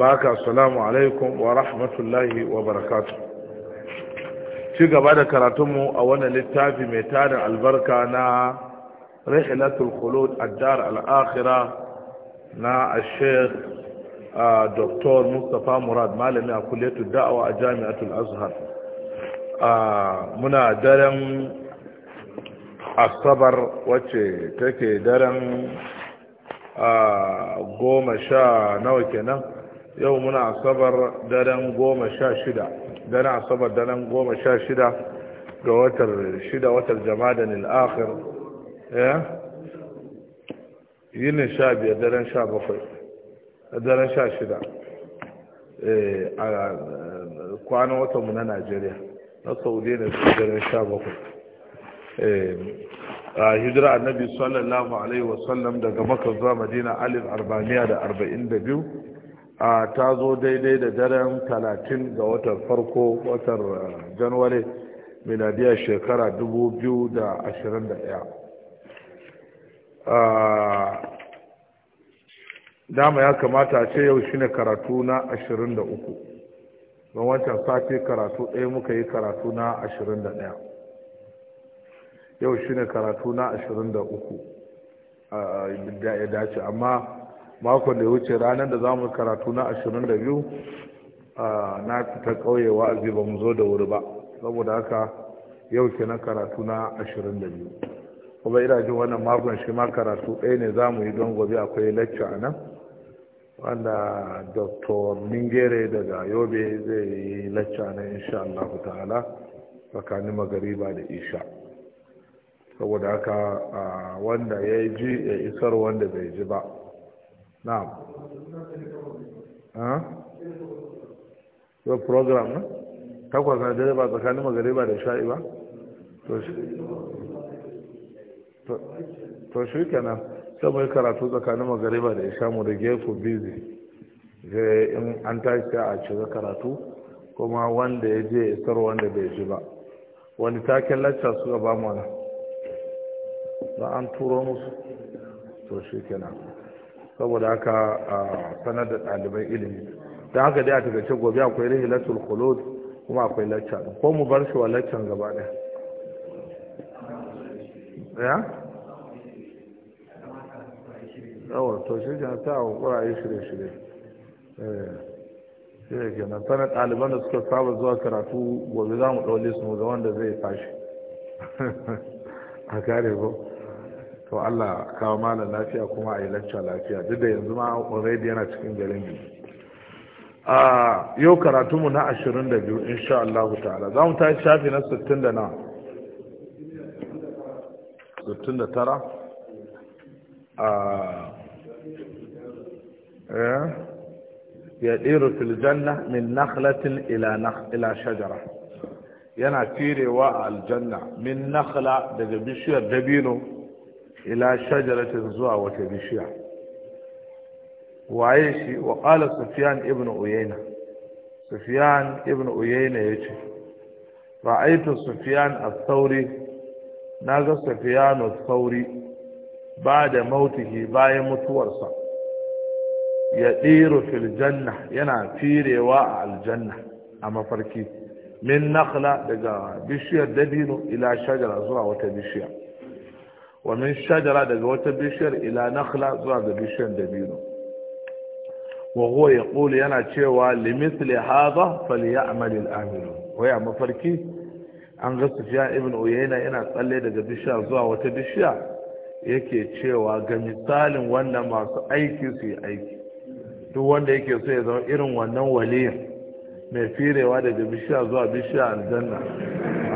baka assalamu alaikum wa rahmatullahi wa barakatu ci gaba da karatunmu a wannan littafi mai tarin albarka na rihilatul khulud addar al'akhira na al-sheikh dr mustapha murad malami a kulletu da'awa a jami'atul azhar muna daren asabar wacce take daren goma sha nawa kenan yau muna asabar daren goma sha shida daren asabar daren goma sha shida ga watar shida watar jamadan al'akhir ya eh? yinin sha biyar daren sha bakwai daren sha shida eh, a kwanan watanmu na najeriya na saudi ne su daren sha bakwai eh, a hijira annabi sallallahu alaihi wasallam daga makar zuwa madina alif arba'in da arba'in da biyu a ta zo daidai da daren talatin ga watan farko watan eh, januwari miladiyar shekara 2021 dama ya kamata ce yau shine karatu na 23 don wancan sati karatu ɗaya muka yi karatu na 21 yau shine karatu na 23 da eh, ya dace amma makon da ya wuce ranar da za mu karatu na 22 na fita ƙauye wa'azi ba mu zo da wuri ba saboda haka yau ke na karatu na 22 kuma ina jin wannan makon shi ma karatu ɗaya ne za mu yi don gobe akwai lacca a nan wanda dr ningere daga yobe zai yi lacca na insha allahu ta'ala tsakanin magariba da isha saboda haka wanda ya ji ya isar wanda bai ji ba na'am ah to program na takwas na dare ba tsakanin magariba da sha'i ba to shi to shi kenan sai mai karatu tsakanin magariba da isha mu da gefu busy in an tashi a cire karatu kuma wanda ya je isar wanda bai ji ba wani taken lacca suka ba mana ba an turo musu to shi kenan saboda haka a sanar da ɗalibai ilimi don haka dai a takaice gobe akwai rahilatul kulod kuma akwai lacca ko mu bar shi wa laccan gaba ɗaya ya yawon to shi ke ta wa ƙuraye shirye-shirye eh, shi ne ke nan sanar ɗaliban da suka saba zuwa karatu gobe za mu ɗau su mu ga wanda zai tashi a kare ko to Allah kawo malam lafiya kuma a yi lecture lafiya duk da yanzu ma already yana cikin garin biyu a yau karatunmu na 22 insha Allah ta'ala za mu tashi shafi na sittin da na 69 a eh? ya ɗero filjanna min nakhlatin ila shajara yana firewa a aljanna min nakhla daga bishiyar dabino إلى شجرة زوا وتبشيع وعيشي وقال سفيان ابن أيينة سفيان ابن أيينة يتي رأيت سفيان الثوري ناغ سفيان الثوري بعد موته باي متورسا يدير في الجنة ينا في رواع الجنة أما فركي من نقلة بشير دبينه إلى شجرة زوا وتبشيع wa min shajara daga wata bishiyar ila nakhla zuwa ga bishiyar dabino wa huwa yaqulu yana cewa limithli hadha falyamal al-amilun waya mafarki an ga sufya ibn Uyayna yana tsalle daga bishiya zuwa wata bishiya yake cewa ga misalin wannan masu aiki su yi aiki duk wanda yake so ya zama irin wannan waliyin mai firewa daga bishiya zuwa bishiya aljanna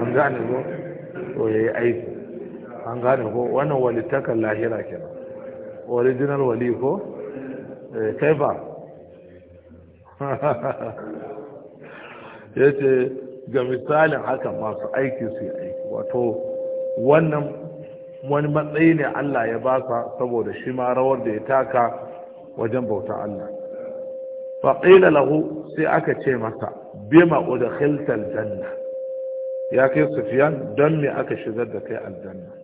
an gane zo to yayi aiki an gane ko wannan walittakan lahira kenan original wali ko eh, kaifa ya ce ga misalin haka masu aiki su yi aiki wato wannan wani matsayi ne Allah ya basa saboda shi ma rawar da ya taka wajen bauta Allah faƙila lahu sai aka ce masa bima udkhilta janna ya kai sufiyan don me aka shigar da kai aljanna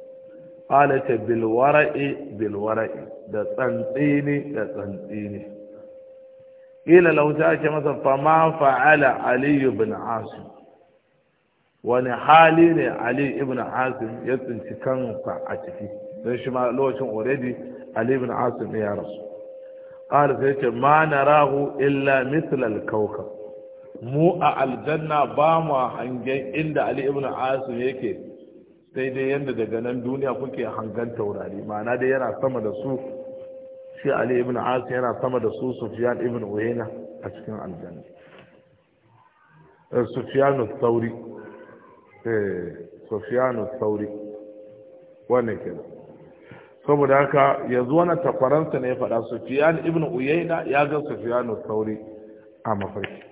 قالت بالورع بالورع da tsantsini da tsantsini ila lauta ake masa fama fa'ala ali ibn asim wani hali ne ali ibn asim ya tsinci kansa a ciki don shi ma lokacin already ali ibn asim ya rasu qala sai ce ma narahu illa mithla al-kawkab mu a aljanna ba mu hangen inda ali ibn asim yake sai dai yadda daga nan duniya kuke hangan taurari ma'ana dai yana sama da su shi ali ibn asim yana sama da su sufyan ibn uyayna a cikin aljanna eh, sufyan sauri, thawri eh sufyan al-thawri wannan kenan saboda haka yanzu wani takwaransa ne ya faɗa sufyan ibn uyayna ya ga sufyan sauri a mafarki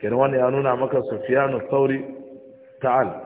kenan wannan ya nuna maka sufyan sauri ta'ala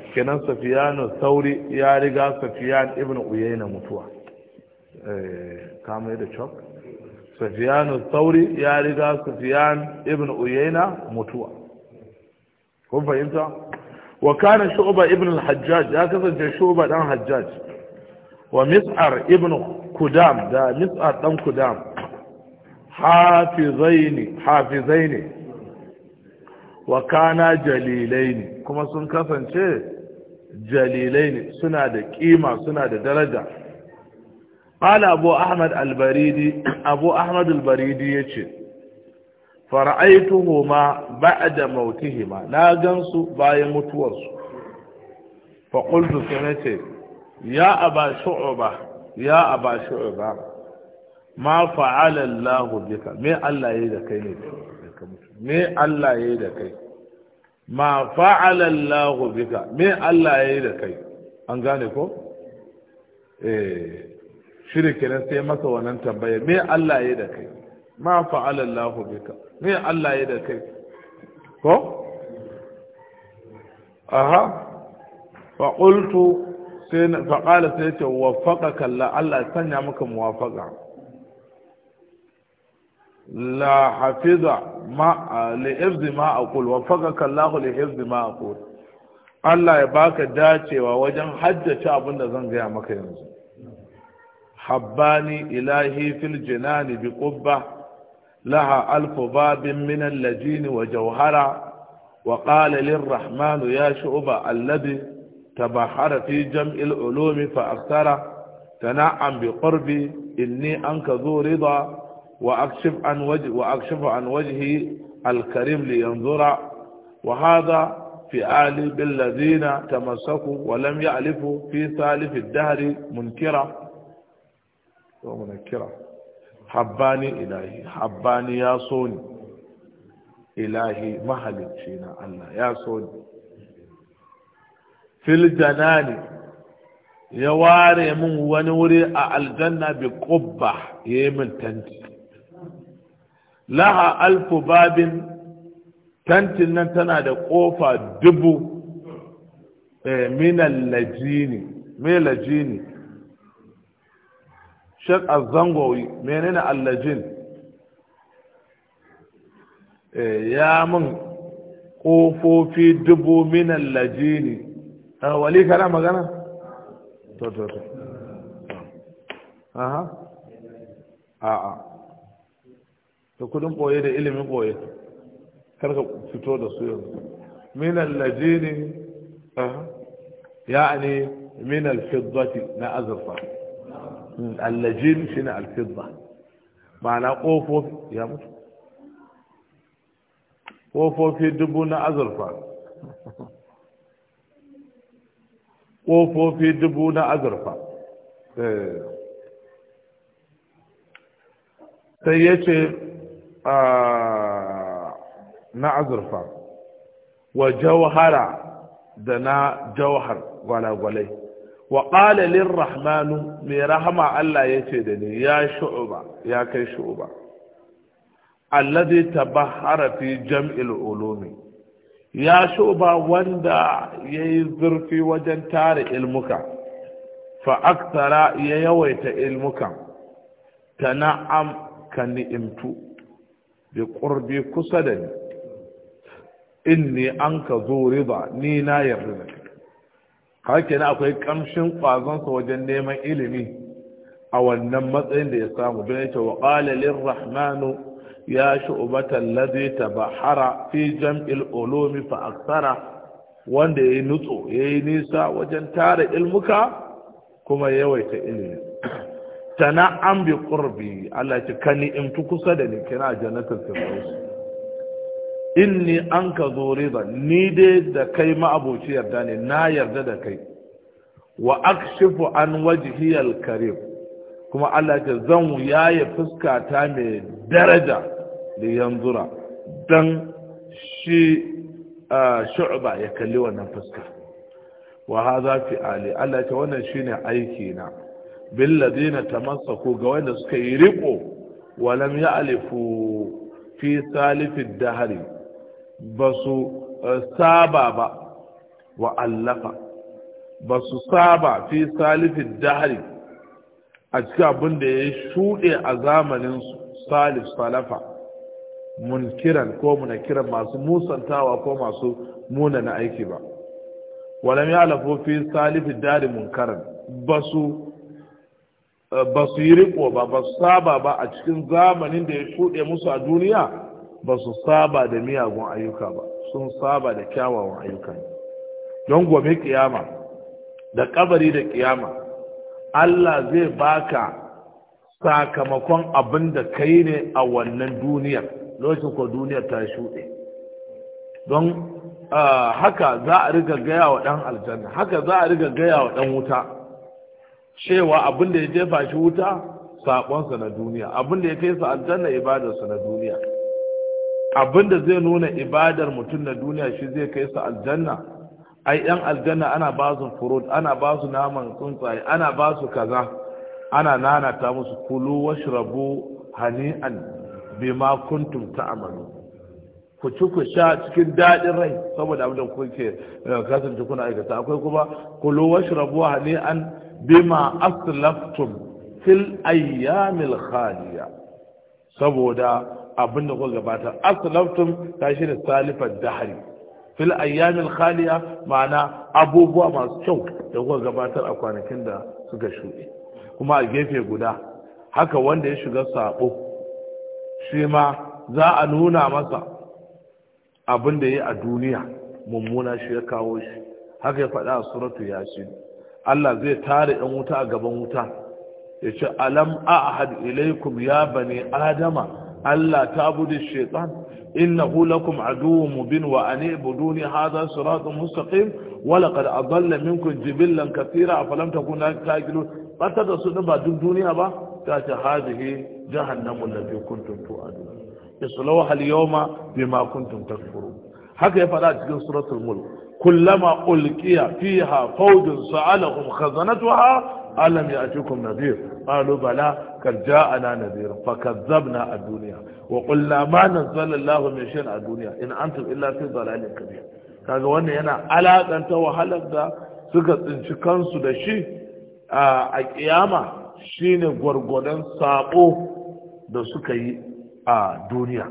kenan safiyanu sauri ya riga safiyan ibn uyayna mutuwa eh, kamar da chok safiyanu sauri ya riga safiyan ibn uyayna mutuwa kun fahimta wa kana shu'ba ibn al-hajjaj ya kasance shu'ba dan hajjaj wa mis'ar ibn kudam da mis'ar dan kudam hafizaini hafizaini wa kana jalilaini kuma sun kasance jalilai ne suna da kima suna da daraja ƙala abu ahmad baridi abu ahmad albaridi ya ce fara'aituhu ma ba da mautihima na gansu bayan mutuwarsu faƙultu su na ce ya a ba ya ma fa'alallahu bika me Allah da kai ne me Allah ya da kai ma fa'ala Allah bika me Allah ya yi da kai an gane ko eh kenan sai masa wannan tambaya me Allah ya yi da kai ma fa'ala Allah bika me Allah ya yi da kai ko aha faƙultu sai fa qala sai ce faƙa Allah Allah sanya maka muwafaƙa لا حفظ ما لحفظ ما أقول وفقك الله لحفظ ما أقول الله يبارك داتي ووجن حجة شعبنا زنجا مكين حباني إلهي في الجنان بقبة لها ألف باب من اللجين وجوهرة وقال للرحمن يا شعب الذي تبحر في جمع العلوم فأكثر تنعم بقربي إني أنك ذو رضا وأكشف عن وجه وأكشف عن وجهي الكريم لينظر وهذا في آل بالذين تمسكوا ولم يألفوا في ثالث الدهر منكرا ومنكرا حباني إلهي حباني يا صوني إلهي مهلك فينا الله يا صوني في الجنان يواري من ونوري الجنة بقبة يمن تنتي laha alfu babin tantin nan tana da ƙofa dubu eh, minan lajini mai lajini shek azangowi menene allajin eh, ya min ƙofofi dubu minan lajini eh, wali kana magana? to to to aha a'a da kudin boye da ilimin boye karka fito da su yanzu minal lajini yani min al-fiddati na azurfa al shi na alfidda fidda ma'ana ƙofofi. ya mutu ƙofofi dubu na azurfa ƙofofi dubu na azurfa eh. sai ya ce na azurfa wa jawhara da na jawhar gwalagwalai wa qala Rahmanu, mai rahama Allah yace da ni ya shu'ba ya kai shu'ba alladhi tabahhara fi jam'il ulumi ya shu'ba wanda yayi zurfi wajen tare ilmuka fa aktara ya yawaita ilmukan tana'am ka ni'imtu bi ƙurbi kusa da ni an ka zu riba ni na yarda haka ne akwai kamshin ƙwazonsa wajen neman ilimi a wannan matsayin da ya samu don yace wa qala lirrahmanu ya shu'bata ta tabahara fi jam'il ulumi fa aksara wanda yayi nutso yayi nisa wajen tara ilmuka kuma yawaita ilimi tana an bi kurbi Allah ce ka ni'imtu kusa da ni kina jannatul firdaus inni an ka zo riba ni dai da kai ma'aboci yarda ne na yarda da kai wa akshifu an al karim kuma Allah ce zan yaye fuska ta mai daraja da yanzura dan shi shu'ba ya kalli wannan fuska wa hadha fi ali Allah ce wannan shine aiki na billadina tamassaku ga wanda suka yi riko walam ya'lifu fi salifid Ba su saba ba wa allafa su saba fi salifid dahri a cikin abin da ya shuɗe a zamanin salif salafa munkiran ko munakiran masu musantawa ko masu na aiki ba walam ya alafo fi salifin dari munkaran ba su ba su yi riko ba ba su saba ba a cikin zamanin da ya shuɗe musu a duniya ba su saba da miyagun ayyuka ba sun saba da kyawawan ayyuka ne. don gobe kiyama da kabari da kiyama Allah zai baka sakamakon abin da kai ne a wannan duniya lokacin ko duniyar ta shuɗe don ah, haka za a riga gaya wa ɗan aljanna haka za a riga gaya wa ɗan wuta cewa abin da ya jefa shi wuta saƙonsa na duniya abin da ya kai sa aljanna ibadarsa na duniya abin da zai nuna ibadar mutum na duniya shi zai kai sa aljanna ai yan aljanna ana ba su furud ana ba su naman tsuntsaye ana ba su kaza ana nanata musu kulu washrabu hani'an bima kuntum ta'malu ku ci ku sha cikin daɗin rai saboda abin da kuke eh, kasance kuna aikata akwai kuma kulu washrabu hani'an bima aslaftum fil ayyamil khaliya saboda abin da kuka gabata aslaftum ta shi da salifar dahari fil ayyamil khaliya ma'ana abubuwa masu kyau da kuka gabatar a kwanakin da suka shuɗe kuma a gefe guda haka wanda ya shiga sabo shi ma za a nuna masa abin da ya a duniya mummuna shi ya kawo shi haka ya faɗa a suratu yasin Allah zai tare ɗan wuta a gaban wuta ya ce alam ahad ilaikum ya bane adama Allah ta budu shaitan innahu lakum aduwwun mubin wa an ibuduni hadha siratun mustaqim wa laqad adalla minkum jibillan katira afalam takuna taqilun bata da su ba duk duniya ba ta ce hadihi jahannamu allati kuntum tu'adun islawha al-yawma bima kuntum takfurun haka ya faɗa cikin suratul mulk kullama ulqiya fiha fawjun sa'alahum khazanatuha alam ya'tikum nadhir qalu bala kad ja'ana nadhir fakadzabna ad-dunya wa qulna ma nazzala Allahu min shay'in ad-dunya in antum illa fi dhalalin kabir kaga wannan yana alakanta wahalar da suka tsinci kansu da shi a ƙiyama, shine gwargwadon saƙo da suka yi a duniya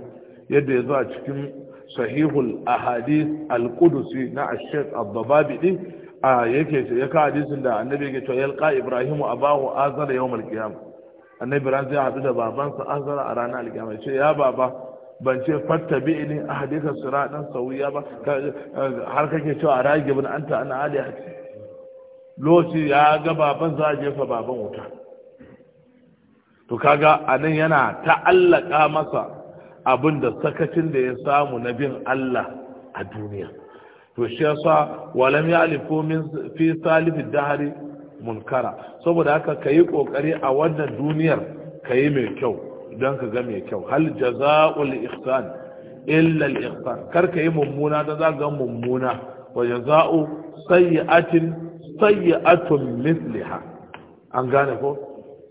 yadda ya zo a cikin sahihul ahadith al-qudusi na ash-shaykh ad-dababi a yake ya ka hadisin da annabi yake cewa yalqa ibrahimu abahu azara yawm al-qiyam annabi ran zai hadu da babansa azara a ranar al-qiyam ce ya baba ban ce fattabi ni ahadika siratan sawiya ba har kake cewa ragibin anta ana alihati lokaci ya ga baban za jefa baban wuta to kaga nan yana ta'allaka masa abin da sakacin da ya samu na bin Allah a duniya to shi yasa walam ya alifu min fi salifin dahari munkara saboda haka ka yi kokari a wannan duniyar ka yi mai kyau don ka ga mai kyau hal jaza'ul ihsan illa al ihsan kar ka yi mummuna da za ga mummuna wa jaza'u sayyi'atin sayyi'atun misliha an gane ko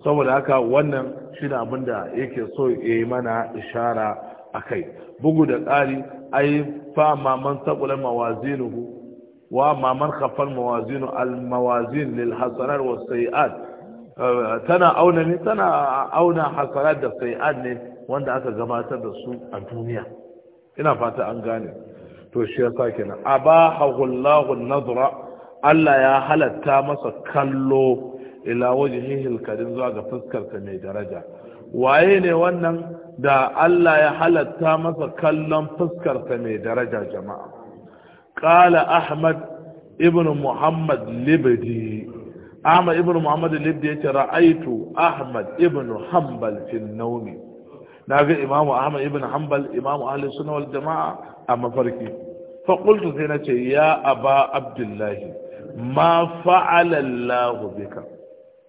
saboda haka wannan shine abinda da yake so ya yi mana ishara a kai bugu da ƙari ai fa maman taɓula Mawazinu. wa maman kafan mawazinu al-mawazin lil hasanar wa sayi'ad eh, tana auna ne tana auna da sayi'ad ne wanda aka gabatar da su a duniya ina fata an gane to shi yasa kenan abahahu Allahu nazra Allah ya halatta masa kallo ila hihil alkarim zuwa ga fuskarsa mai daraja waye ne wannan da Allah ya halatta masa kallon fuskarsa mai daraja jama'a qala ahmad ibn muhammad libdi ahmad ibn muhammad ya ce ra'aitu ahmad ibn hanbal fi an-nawm naga imamu ahmad ibn hanbal imamu ahli sunna wal jamaa a mafarki fa sai na ce ya aba abdullahi ma fa'alallahu bika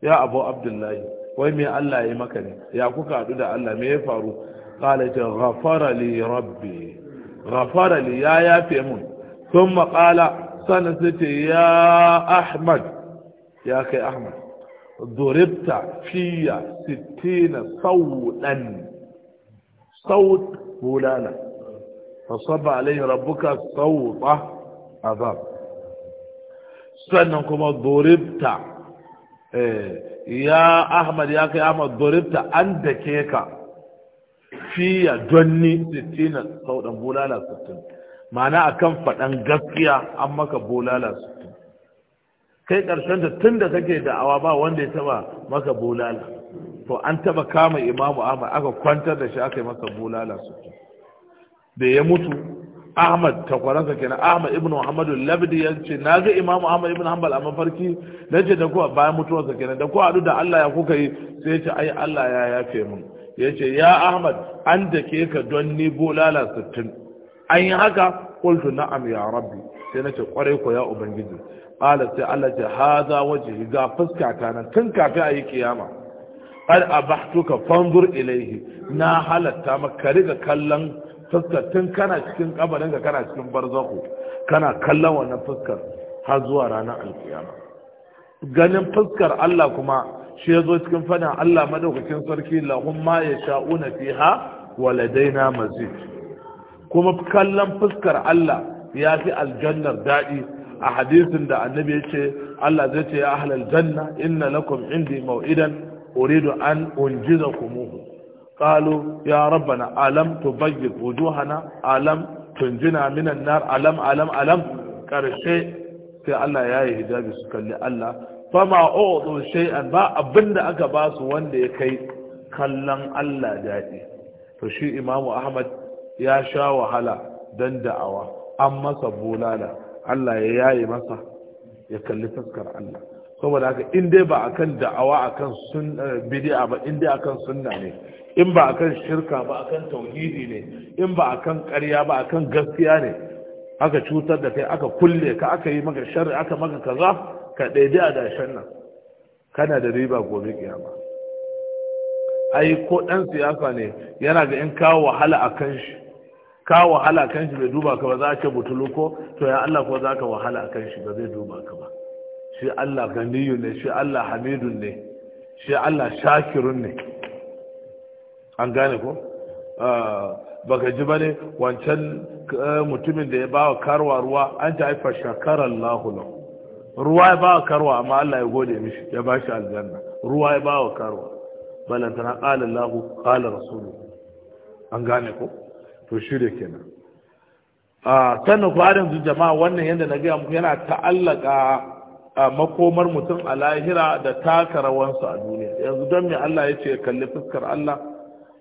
ya abu abdullahi wai me Allah ya maka ne ya kuka hadu da Allah me ya faru qala ta ghafara li rabbi ghafara li ya yafe mun thumma qala sanan sai ya ahmad ya kai ahmad duribta fiya 60 sawdan صوت مولانا فصب alayhi rabbuka صوت azab sannan kuma duribta Eh, ya ahmad ya kai ahmad doribta an da ke ka fiya donni sittina saudan bulala sittin mana a kan faɗan gaskiya an maka bulala sittin kai ƙarshen da tun da kake da'awa ba wanda ya taba maka bulala to an taba kama imamu ahmad aka kwantar da shi aka yi maka bulala sittin da ya mutu ahmad ta kwaransa kenan ahmad ibn muhammadu labdi ya na ga imam ahmad ibn hanbal a mafarki na ce da kuwa bayan mutuwarsa kenan da kuwa da allah ya kuka yi sai ce ai allah ya yafe mun ya ce ya ahmad an da ke ka don ni bolala 60 an yi haka kultu na'am ya rabbi sai na ce kwarai ko ya ubangiji qala sai allah ce haza waje ga fuska ta nan tun kafin a yi kiyama qad abahtuka fanzur ilaihi na halatta maka riga kallon fuskar tun kana cikin kabarinka kana cikin barzaku kana kallon wannan fuskar har zuwa ranar alkiyama ganin fuskar Allah kuma shi ya zo cikin fadin Allah madaukakin sarki lahum ma ya sha'una fiha waladaina mazid kuma kallon fuskar Allah ya fi aljannar daɗi a hadisin da annabi ya ce Allah zai ce ya ahlal janna inna lakum indi mau'idan uridu an unjiza kumuhu قالوا يا ربنا ألم تبيض وجوهنا ألم تنجنا من النار ألم ألم ألم كرشي في الله يا هجابي سكلي الله فما أعطوا شيئا با أبند أكباس واندي كي كلن الله جاتي فشي إمام أحمد يا شا وحلا دن دعوة أما سبولالا الله يا يمسا يكلي تذكر الله saboda haka in dai ba akan da'awa akan bid'a ba in dai akan sunna ne in ba akan shirka ba akan tauhidi ne in ba akan ƙarya ba akan gaskiya ne aka cutar da kai aka kulle ka aka yi maka sharri aka maka kaza ka daidai a dashen nan kana da riba gobe kiyama ai ko dan siyasa ne yana ga in kawo wahala kan shi ka wahala kan shi bai duba ka ba za a ce butulu ko to ya Allah ko za ka wahala kan shi ba zai duba ka ba shi Allah ganiyu ne shi Allah hamidun ne shi Allah shakirun ne an gane ko ah, baka ji bane wancan eh, mutumin da ya ba wa karwa ruwa an ta haifar shakara Allahu ruwa ya ba wa karwa amma Allah ya gode mishi ya ba shi aljanna ruwa ya ba wa karwa balanta na ƙala Allahu ƙala rasulu an gane ko to shi da kenan a ah, sannan ku yanzu jama'a wannan yadda na gaya muku yana ta'allaka a ah, makomar mutum a lahira da taka rawansu a duniya yanzu don me Allah ya ce kalli fuskar Allah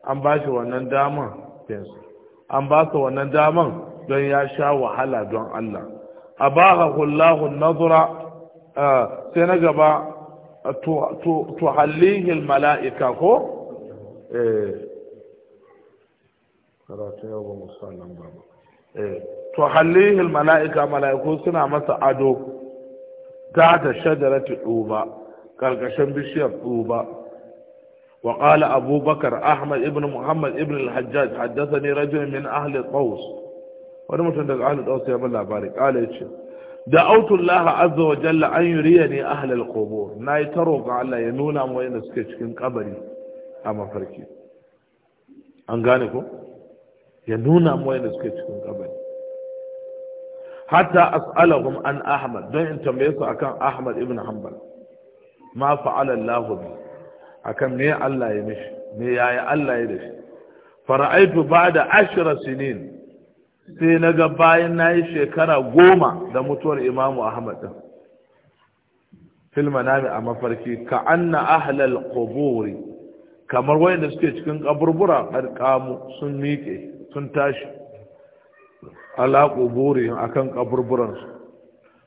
an ba shi wannan daman yanzu an ba su wannan daman don ya sha wahala don Allah a ba ha kullahun nazura eh, sai na gaba to tuhallihil mala'ika ko? Eh. to yau eh. mala'ika mala'iku suna masa ado ta ta tuɗu ba ƙarƙashin bishiyar tuɗu ba وقال أبو بكر أحمد ابن محمد ابن الحجاج حدثني رجل من أهل طوس وانا متندق أهل طوس يا ملا بارك قال يتشي دعوت الله عز وجل أن يريني أهل القبور ناي تروق على ينونا وين سكتشكين قبري أما فركي أنغانكم ينونا وين سكتشكين قبري حتى أسألهم عن أحمد دون أن تميسوا أكان أحمد ابن حنبل ما فعل الله به akan me Allah ya mishi me yayi Allah ya da fara'aitu ba'da ashra sinin sai na ga bayan na yi shekara goma da mutuwar imamu ahmad din filma nami a mafarki ka anna ahlal quburi kamar wanda suke cikin kaburbura karkamu sun miƙe sun tashi ala quburi akan kaburburan su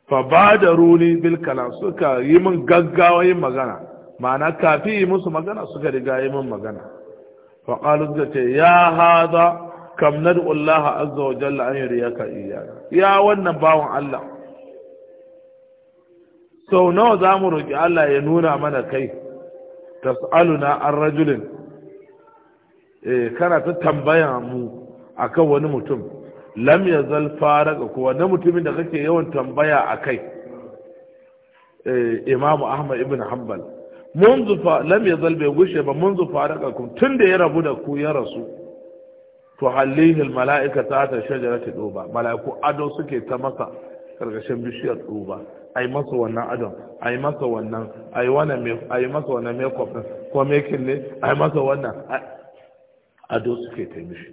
fa badaruni bil kalam suka yi min gaggawa yin magana ma'ana kafi yi musu magana suka riga yi min magana fa qalu suka ya hada kam nad'u Allah azza wa jalla an yuriyaka iyana ya wannan bawon Allah sau nawa za mu roƙi Allah ya nuna mana kai tas'aluna an rajulin eh, kana ta tambaya mu akan wani mutum lam ya zal faraka kuwa na mutumin da kake yawan tambaya a kai eh, imamu ahmad ibn hanbal منذ لم يظل بيغش با منذ فارقكم تند يا رب ده كو ya رسول تعليه الملائكه تحت شجره دوبا ملائكه ادو سكي تمسا karkashin bishiyar tsuba ai masa wannan adon ai masa wannan ai wannan ai masa wannan makeup din ko making ne ai masa wannan ado suke ta mishi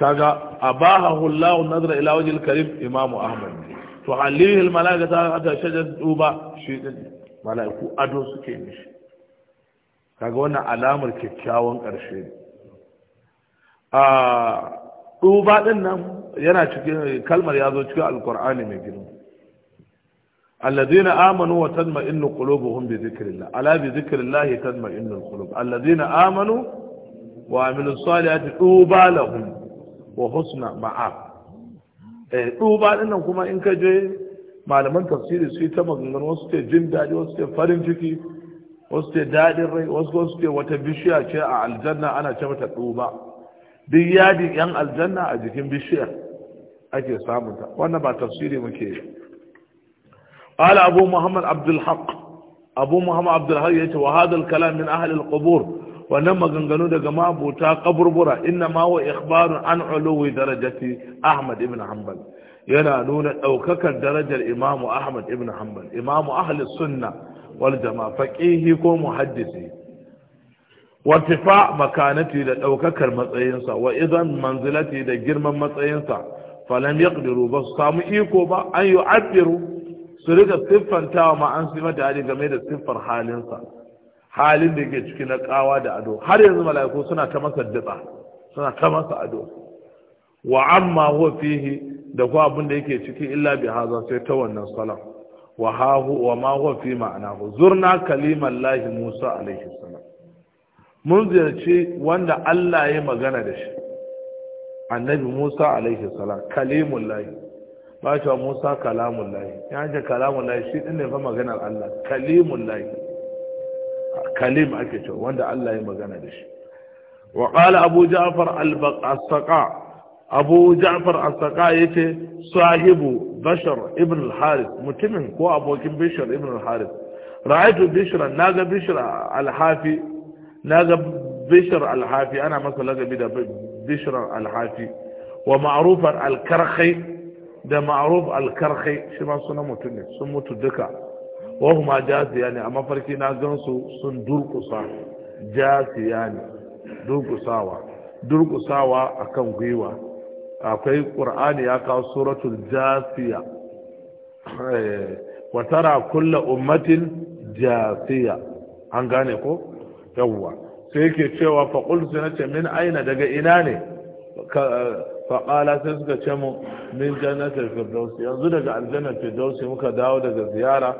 kaga abahahu Allah nazara ila wajhil karim imamu ahmad to halihi al malaikata hatta shajar tsuba shi din malaiku ado suke mishi kaga wannan alamar kyakkyawan ƙarshe a duba din nan yana cikin kalmar ya zo cikin alkur'ani mai girma alladhina amanu wa tatma'innu qulubuhum bi dhikrillah ala bi dhikrillah tatma'innu alqulub alladhina amanu wa amilus salihati duba lahum wa husna ma'a. eh duba din nan kuma in ka je malaman tafsiri su ta maganganu wasu ce jin daɗi wasu ce farin ciki wasu ce daɗin rai wasu su ce wata bishiya ce a aljanna ana ce mata ɗuba duk yadin yan aljanna a jikin bishiyar ake samunta wannan ba tafsiri muke yi قال أبو محمد عبد الحق أبو محمد عبد الحق يقول وهذا الكلام من أهل القبور ونما قنقنوا دقما بوتا قبر برا إنما هو إخبار عن علو درجة أحمد بن حنبل ينالون أوكك درجة الإمام أحمد بن حنبل إمام أهل السنة wal jama'a faqihi ko muhaddisi wartifa makanati da daukakar matsayinsa wa idan manzilati da girman matsayinsa falam yaqdiru ba su samu iko ba an yi abiru su riga siffantawa ma an da hali game da siffar halinsa halin da yake ciki na kawa da ado har yanzu mala'iku suna ta masa dutsa suna ta masa ado wa amma huwa fihi da ko abin da yake ciki illa bi haza sai ta wannan salon. wa hahu wa ma huwa fi ma'anahu zurna kalimallahi Musa alaihi salam mun ziyarci wanda Allah ya magana da shi annabi Musa alaihi salam kalimullahi ba shi Musa kalamun kalamullahi ya ce kalamullahi shi din ne fa maganar Allah Kalimun kalimullahi kalim ake cewa wanda Allah ya magana da shi wa qala Abu Ja'far al-Baqa abu ja'far Asaka ya ce sahibu bashar ibn al-harith mutumin ko abokin bashar ibn al-harith ra'aytu bashar naga bashar al-hafi naga bashar al-hafi ana masa lagabi da bashar al-hafi wa ma'rufan al-karkhai da ma'ruf al-karkhai shi ma sunan mutum ne sun mutu duka wa huma jasiyani amma farki na gansu sun durkusa jasiyani durkusawa durkusawa akan gwiwa akwai qur'ani ya kawo suratul jasiya eh, wa tara kulla ummatin jasiya an gane ko yawwa sai yake cewa fa qul sunata min aina daga ina ne faƙala sai suka ce mu min jannatar firdausi yanzu daga aljannar firdausi muka dawo daga ziyara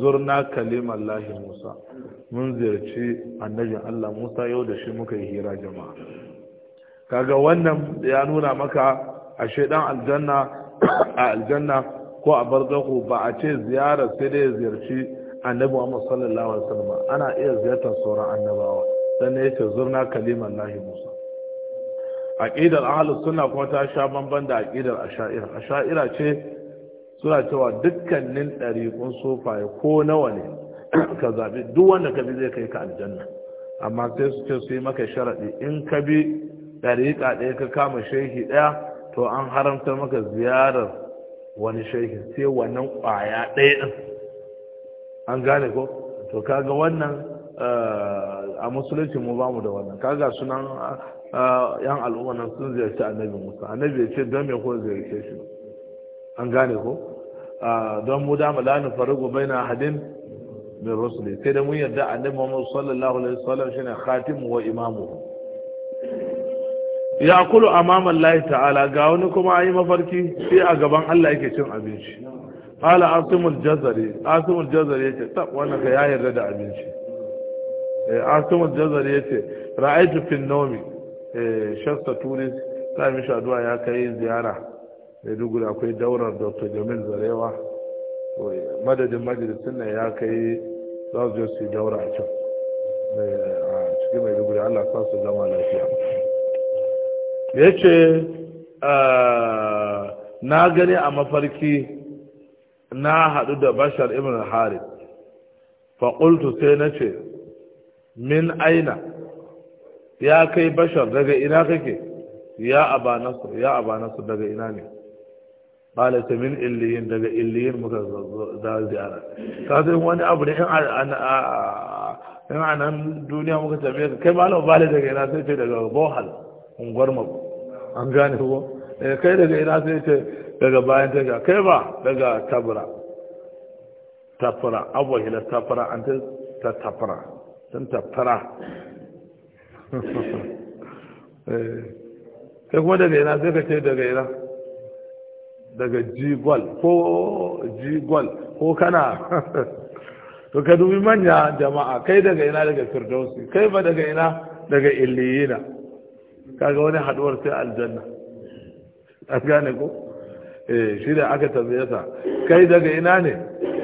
zurna kalimar lahi musa mun ziyarci annabin allah musa yau da shi muka yi hira jama'a kaga wannan ya nuna maka a shaidan aljanna a aljanna ko a barzahu ba a ce ziyara sai dai ziyarci annabi Muhammad sallallahu alaihi wasallam ana iya ziyartar sauran annabawa dan ne yace zurna kalimar lahi Musa aqidar ahlus sunna kuma ta sha banban da aqidar asha'ira asha'ira ce suna cewa dukkanin dariqun sufaye ko nawa ne ka zabi duk wanda ka bi zai kai ka aljanna amma sai su ce su yi maka sharadi in ka bi ɗariƙa ɗaya ka kama shehi ɗaya to an haramta maka ziyarar wani shehi sai wannan ƙwaya ɗaya ɗin an gane ko to kaga wannan eh, a musulunci mu ba mu da wannan kaga sunan eh, yan al'umma nan sun ziyarci annabi musa annabi ya ce don me ko ziyarce shi an gane ko eh, don mu dama faru gobe na hadin min rusuli sai da mun yarda annabi Muhammad sallallahu alaihi wasallam shine khatimu wa imamu ya kulu amaman lahi ta'ala ga wani kuma ayi mafarki sai a gaban Allah yake cin abinci qala asimul jazari asimul jazari yace tab wannan ka ya yarda da abinci eh asimul jazari yace ra'aytu fi nawmi eh shasta turis ta mishi addu'a ya kai ziyara Maiduguri akwai daurar Dr. Jamil Zarewa madadin majalisin nan ya kai za su je su daura a can eh, a cikin Maiduguri Allah sa su zama lafiya ya ce ah, na gani a mafarki na haɗu da bashar ibn harith faƙultu sai na ce min aina ya kai bashar daga ina kake ya aba nasu ya aba nasu daga ina ne ƙala ta min illiyin daga illiyin muka za ziyara ka sai wani abu ne in a nan duniya muka tafiya kai malam bala daga ina sai ce daga bohal unguwar mako an gane ko eh, kai daga ina sai ce daga bayan daga kai ba daga tabura tafura abuwa hila tafura an ta tafura sun tafura sai eh, kuma daga ina sai ka ce daga ina daga jigwal ko jigwal ko kana to ka dubi manya jama'a kai daga ina daga firdausi kai ba daga ina daga illiyina kaga wani haduwar sai aljanna a gane ko eh shi da aka tambaye sa kai daga ina ne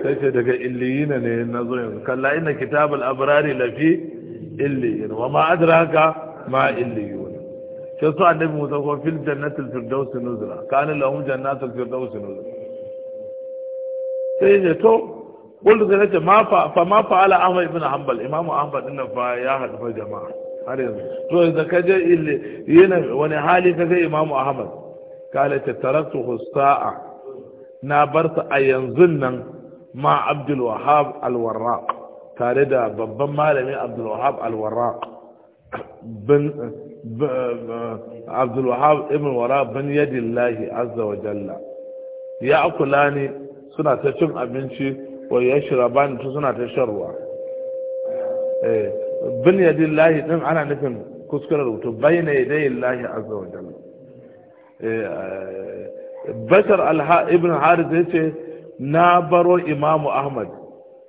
sai ce daga illiyina ne na zo yanzu kalla inna kitabul abrari lafi illiyin wa ma adraka ma illiyun sai su annabi Musa ko fil jannatil firdaus nuzula kana lahum jannatul firdaus nuzula sai ne to kullu sai ce ma fa ma fa ala ahmad ibn hanbal imamu ahmad din fa ya hadu jama'a har yanzu to da ka je yana wani hali ka ga imamu ahmad kala ta na bar a yanzu nan ma abdul wahab al-warraq tare da babban malami abdul wahab al-warraq bin abdul wahab ibn wara bin yadillahi azza wa jalla ya akulani suna ta cin abinci wa ya suna ta sharwa. eh bin yadin lahi din ana nufin kuskuren rubutu bayyana yadayin lahi a wa eh, eh, bashar ibn harith ya ce na baro imamu ahmad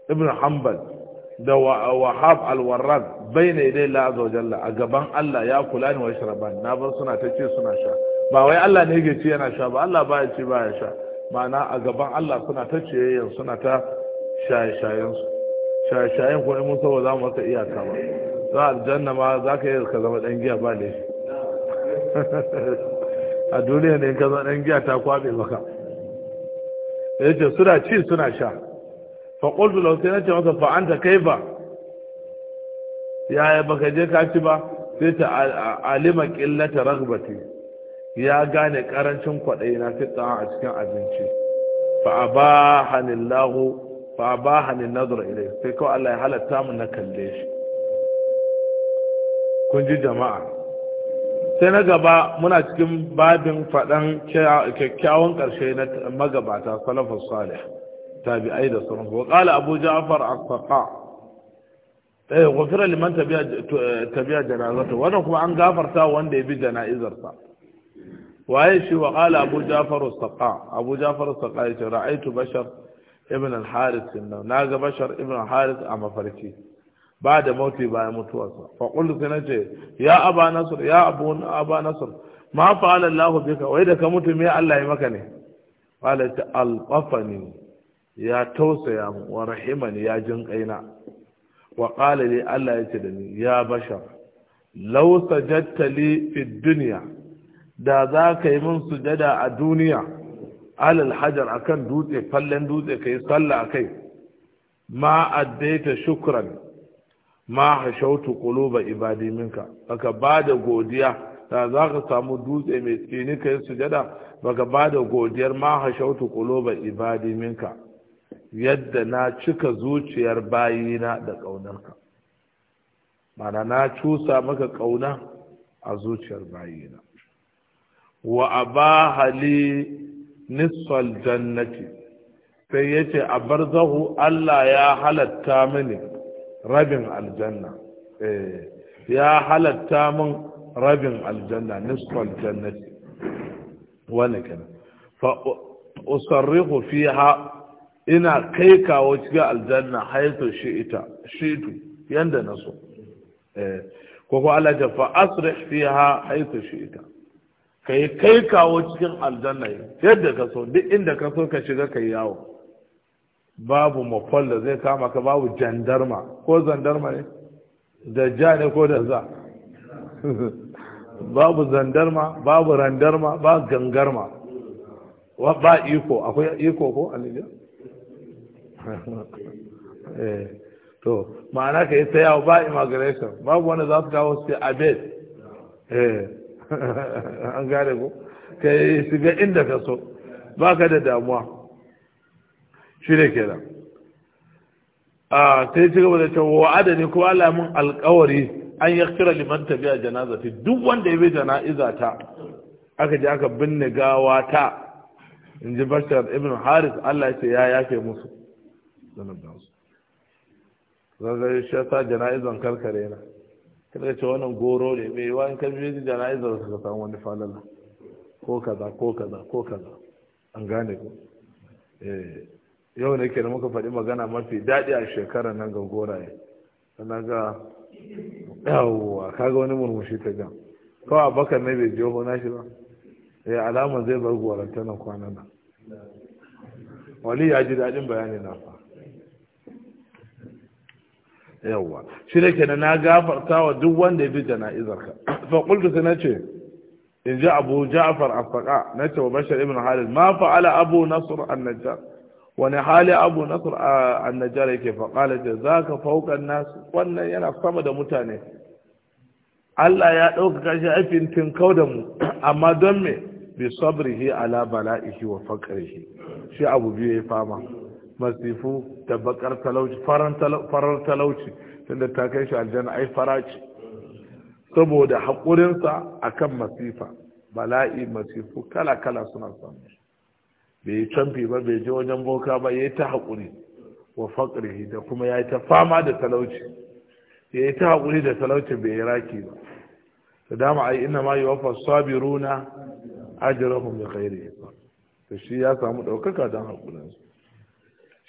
ibn hanbal da wahab alwarrad bayyana yadayin lahi a wa a gaban allah ya kula ni wa shiraban na bar suna ta ce suna sha ba wai allah ne ke ci yana sha ba allah ba ya ci ba ya sha ma'ana a gaban allah suna ta ciyayen suna ta shaye-shayensu Shayin ko mun saboda za mu maka iyaka ba za a janna ma za ka yi ka zama dan giya ba ne a duniya ne ka zama dan giya ta kwabe maka ya ce suna ci suna sha faƙultu lau sai na ce masa fa'anta kai ba yaya baka je ka ci ba sai ta alima ƙillata ragbati ya gane ƙarancin kwaɗayi na fi a cikin abinci fa'a ba lahu fa ba hannun nazar ilai sai kawai Allah ya halatta mu na kalle shi kun ji jama'a sai na gaba muna cikin babin faɗan kyakkyawan ƙarshe na magabata salafus salih tabi'ai da sauran wa qala abu ja'far as-saqa eh ghufira liman tabi'a janazata wannan kuma an gafarta wanda ya bi jana'izarsa waye shi wa qala abu ja'far as-saqa abu ja'far as-saqa ya ce ra'aytu bashar ibn al-harith na ga bashar ibn al-harith a mafarki ba da mauti bayan mutuwarsa fa qultu sai nace ya aba nasr ya abu aba nasr ma fa'ala allah bika wai da ka mutu me allah ya maka ne qala ta ya tausaya mu wa rahimani ya jin kaina wa qala li allah yace da ni ya bashar law sajadta li fi dunya da za ka yi min sujada a duniya alal hajar kan dutse fallen dutse kai sallah akai ma addaita shukran ma hashautu quluba ibadi minka baka bada godiya da za ka samu dutse mai tsini kai sujada baka bada godiyar ma hashautu quluba ibadi minka yadda na cika zuciyar bayina da ƙaunarka mana na cusa maka ƙauna a zuciyar bayina wa Abahali. نصف الجنة فيتي أبرزه ألا يا حل التامن ربع الجنة إيه. يا حل التامن ربع الجنة نصف الجنة ونكنا فأصرق فيها إن كيكا وجه الجنة حيث شئت شئت يند نصف إيه. وهو على جفا فيها حيث شئت ka yi kai kawo cikin aljanna yadda ka so duk inda ka so ka shiga ka yi yawo babu mafol da zai kama ka babu jandarma ko zandarma ne da ja ne ko da za babu zandarma babu randarma ba gangarma ba iko akwai iko ko aliliya eh, to ma'ana ka yi ta yawo ba immigration babu wanda za su kawo sai abed eh an gane ku. ka yi shiga inda ka so ba ka da damuwa shi ne kenan a ta ci gaba da cewa wa adani ko alamun alkawari alƙawari an yi kira liman tabiya janazati duk wanda ya bi jana'iza ta aka je aka binne gawa ta in ji bashar ibn haris Allah ya ce ya yafe musu zanen zan zai shi sa jana'izan karkare na kada ce wannan goro ne mai yiwa in kan biyu jana'izar su ka samu wani falala ko kaza ko kaza ko kaza an gane ku eh. yau ne kenan muka faɗi magana mafi daɗi a shekarar nan ga goraye sannan ga yawwa kaga wani murmushi ta gan kawai bakar ne bai je na shi ba eh alama zai bar gwarantar nan kwanan nan wali ya ji daɗin bayani na fa yawwa shi ne kenan na gafarta wa duk wanda ya bi jana'izar ka fa qultu sai ce in ji abu ja'far as-saqa ce wa bashar ibn halid ma fa'ala abu nasr an-najjar wani hali abu nasr an-najjar yake fa ce za ka an nasu wannan yana sama da mutane Allah ya ɗaukaka kashi aifin tinkau da mu amma don me bi sabrihi ala bala'ihi wa faqrihi shi abu biyu ya fama masifu da talauci farar talauci tunda ta kai shi aljanna ai faraci saboda haƙurinsa akan masifa bala'i masifu kala-kala suna samu bai yi canfi ba bai je wajen boka ba ya yi ta haƙuri wa faƙirhi da kuma ya yi ta fama da talauci ya yi ta haƙuri da talauci bai yi raki ba da dama ai ina ma yi wafa sabiruna ajirahum bi ghairi to shi ya samu ɗaukaka don haƙurinsu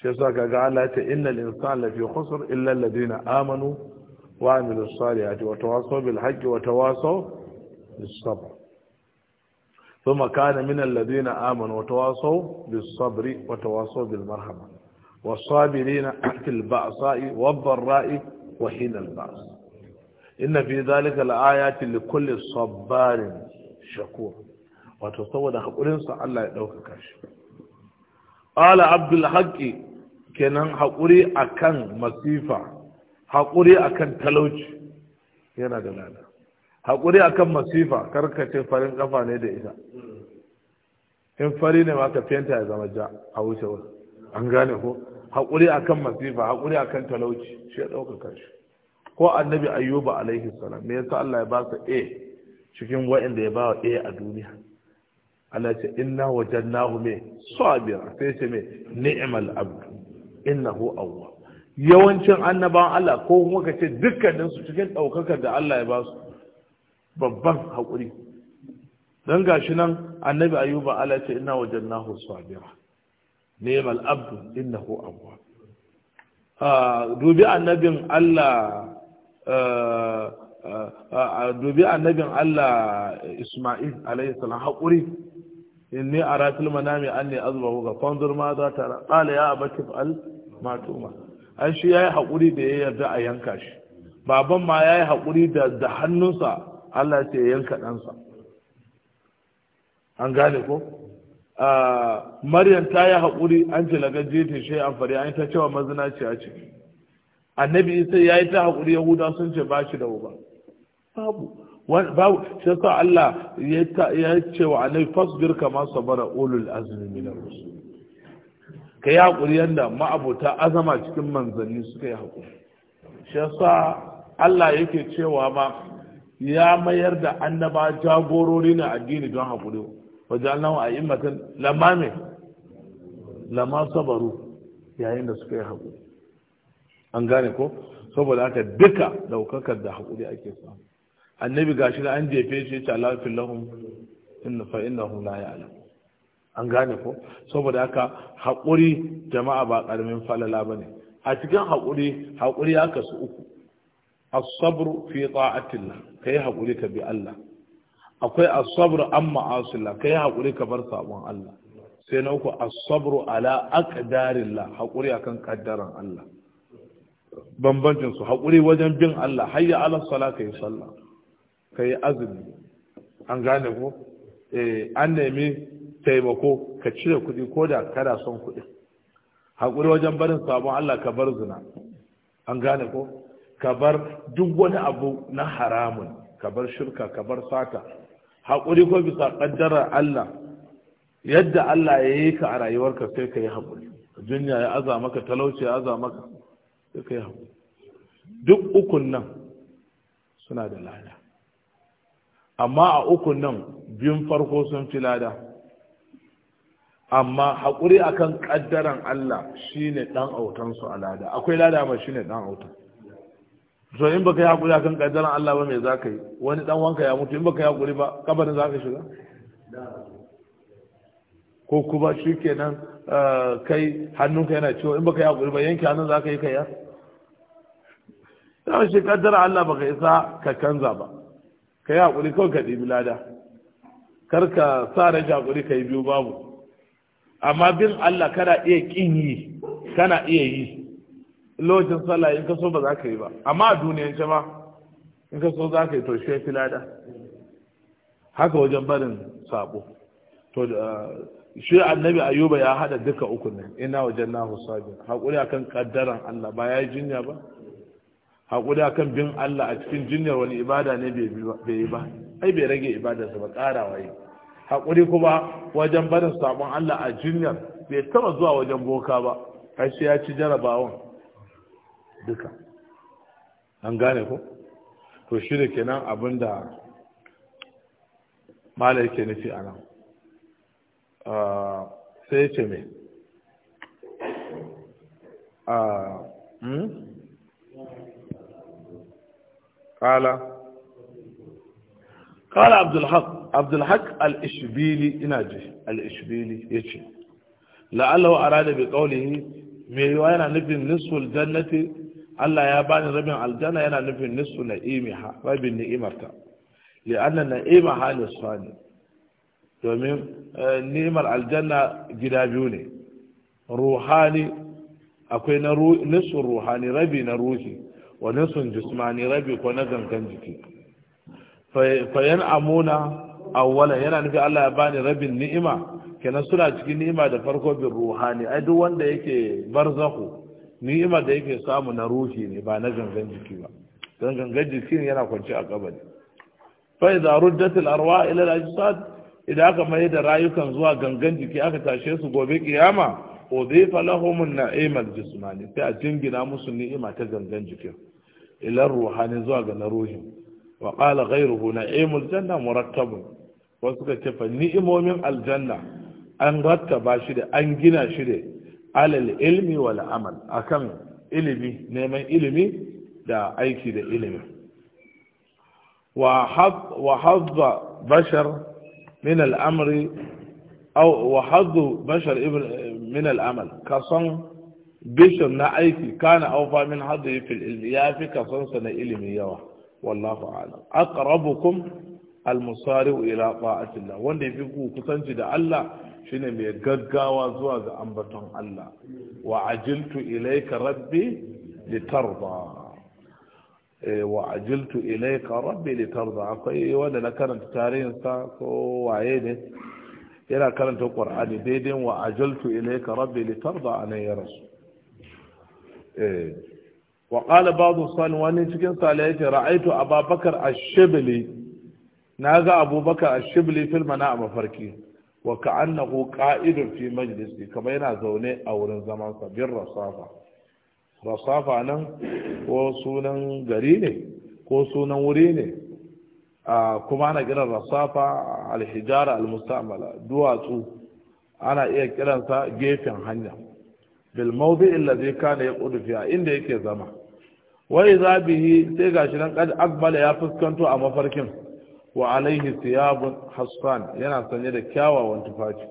شيخ قال إن الإنسان لفي خسر إلا الذين آمنوا وعملوا الصالحات وتواصوا بالحج وتواصوا بالصبر ثم كان من الذين آمنوا وتواصوا بالصبر وتواصوا بالمرحمة والصابرين في البأساء والضراء وحين البأس إن في ذلك الآيات لكل صبار شكور وتصور أخبرين صلى الله عليه وسلم قال عبد الحق kenan haƙuri akan masifa haƙuri akan talauci yana da lada haƙuri akan masifa karkace farin ƙafa ne da ita in fari ne ma ka fenta ya zama ja a wuce wasu an gane ko haƙuri akan masifa haƙuri akan talauci shi ya ɗaukaka shi ko annabi ayyuba alaihi salam me yasa Allah ya ba sa a cikin wa'inda ya ba wa a a duniya Allah ya ce inna wajannahu me sabira sai ce me ni'mal abdu innahu awwa yawancin annaban Allah ko kuma ka ce dukkanin su cikin daukakar da Allah ya ba su babban hakuri dan gashi nan annabi ayuba ala ce inna wajannahu sabira ni'mal abdu innahu a dubi annabin Allah dubi annabin Allah Isma'il alayhi salam haƙuri inni a fil manami anni azbahu ga fanzur ma za ta qala ya abati al matuma ai shi yayi hakuri da ya yarda a yanka shi baban ma yayi hakuri da da hannunsa Allah ya yanka ɗansa an gane ko Maryam ta yi haƙuri an ce laga jeta shi an fari an ta cewa a ce annabi isa ya yi ta haƙuri yahuda sun ce ba shi da uba babu babu shi sa Allah ya ce wa annabi fasbir kama sabara ulul azmi min ar-rusul ka yi haƙuri yadda ma'abuta azama cikin manzanni suka yi haƙuri shi yasa Allah yake cewa ma ya mayar da annaba jagorori na addini don haƙuri wajen nawa a immatan lama lama sabaru yayin da suka yi haƙuri an gane ko saboda haka duka daukakar da haƙuri ake samu annabi gashi na an jefe shi ta lafin lahum inna fa innahum la ya'lam an gane ko saboda haka haƙuri jama'a ba ƙaramin falala bane a cikin haƙuri haƙuri ya kasu uku as-sabr fi ta'atillah kai haƙuri ka bi Allah akwai as-sabr amma asillah kai haƙuri ka bar sabon Allah sai na uku as-sabru ala aqdarillah haƙuri akan kaddaran Allah bambancin su haƙuri wajen bin Allah hayya ala sala kai sallah ka yi azumi an gane ko eh, an nemi taimako ka cire kuɗi ko da kada son kuɗi haƙuri wajen barin sabon Allah ka bar zina an gane ko ka bar duk wani abu na haramun ka bar shirka ka bar sata haƙuri ko bisa ƙaddarar Allah yadda Allah ya yi ka a rayuwarka sai ka yi haƙuri dunya ya aza maka talauci ya aza maka sai ka yi haƙuri duk ukun nan suna da lada amma a ukun nan biyun farko sun fi lada amma haƙuri akan ƙaddaran Allah shine ɗan autansu a lada akwai lada ma shine ɗan autan so in baka yi haƙuri akan ƙaddaran Allah ba me za ka yi wani ɗan wanka ya mutu in baka yi haƙuri ba kabarin za ka shiga ko kuma shi kenan eh, kai hannunka yana ciwo in baka yi haƙuri ba yanke hannun za ka yi kaya yawon shi ƙaddara Allah baka isa ka canza ba ka yi haƙuri kawai ka ɗibi lada kar ka sa ran haƙuri ka yi biyu babu amma bin Allah kana iya ƙin yi kana iya yi lokacin sallah in ka so ba za ka yi ba amma a duniyan ma in ka so za ka yi to shi fi lada haka wajen barin sabo to eh, shi annabi ayuba ya hada duka uku ne ina wajen nahu sabin haƙuri akan kaddaran Allah ba ya yi jinya ba haƙuri kan bin Allah a cikin jinyar wani ibada ne bai yi ba ai bai rage ibadarsa ba ƙara yi haƙuri kuma wajen barin sabon Allah a jinyar bai taba zuwa wajen boka ba ai sai ya ci jarabawan duka an gane ko to shi da kenan abin da malai ke nufi a nan ah, sai ce mai قال قال عبد الحق عبد الحق الاشبيلي ناجي الاشبيلي يجي لعله اراد بقوله مي وانا أيوة، نبي نصف الجنه الله يا بني ربي الجنه انا نبي نصف نعيمها ربي نعيمها لان نعيمها نصفاني تمام آه، نعيم الجنه جدابوني روحاني اكو نصف روحاني ربي نروحي wa nasun jismani rabi ko na gangan jiki fayan amuna awwala yana nufi Allah ya bani rabin ni'ima kenan suna cikin ni'ima da farko bin ruhani ai duk wanda yake barzahu ni'ima da yake samu na ruhi ne ba na gangan jiki ba don gangan jiki yana kwance a kabari fa idza ruddat al arwa ila al ajsad idan aka mai da rayukan zuwa gangan jiki aka tashe su gobe kiyama udhifa lahum an jismani sai a jingina musu ni'ima ta gangan jikin ila ruhani zuwa ga na ruhin wa qala ghayruhu na'imul janna murattabun wasu suka ce fa ni'imomin aljanna an rattaba shi da an gina shi da alal ilmi wal amal akan ilimi neman ilimi da aiki da ilimi wa bashar min al'amri aw wa bashar ibn min al'amal kasan bishon na aiki kana aufa min hadhihi fil ilmi ya fi kasansa na ilimi yawa wallahu a'lam aqrabukum almusari'u ila ta'atillah wanda yafi ku kusanci da Allah shine mai gaggawa zuwa ga ambaton Allah wa ajiltu ilayka rabbi litarda eh, wa ajiltu ilayka rabbi litarda akwai wanda na karanta tarihin sa ko waye ne yana karanta qur'ani daidai wa ajiltu ilayka rabbi litarda anan ya rasul Eh. wa qala ba'du salih wani cikin salih yace ra'aitu ababakar ash-shibli naga abubakar ash-shibli fil a mafarki wa ka'annahu qa'idun fi majlisi kama yana zaune a wurin zaman sa bir rasafa rasafa nan ko sunan gari ne ko sunan wuri ne kuma ana kiran rasafa alhijara almustamala duwatsu ana iya kiransa gefen hanya bil mawdi'i alladhi kana yaqudu fiha inda yake zama wa idza bihi sai gashi nan kad akbala ya fuskanto a mafarkin wa alaihi thiyabun hassan yana sanye da kyawawan tufafi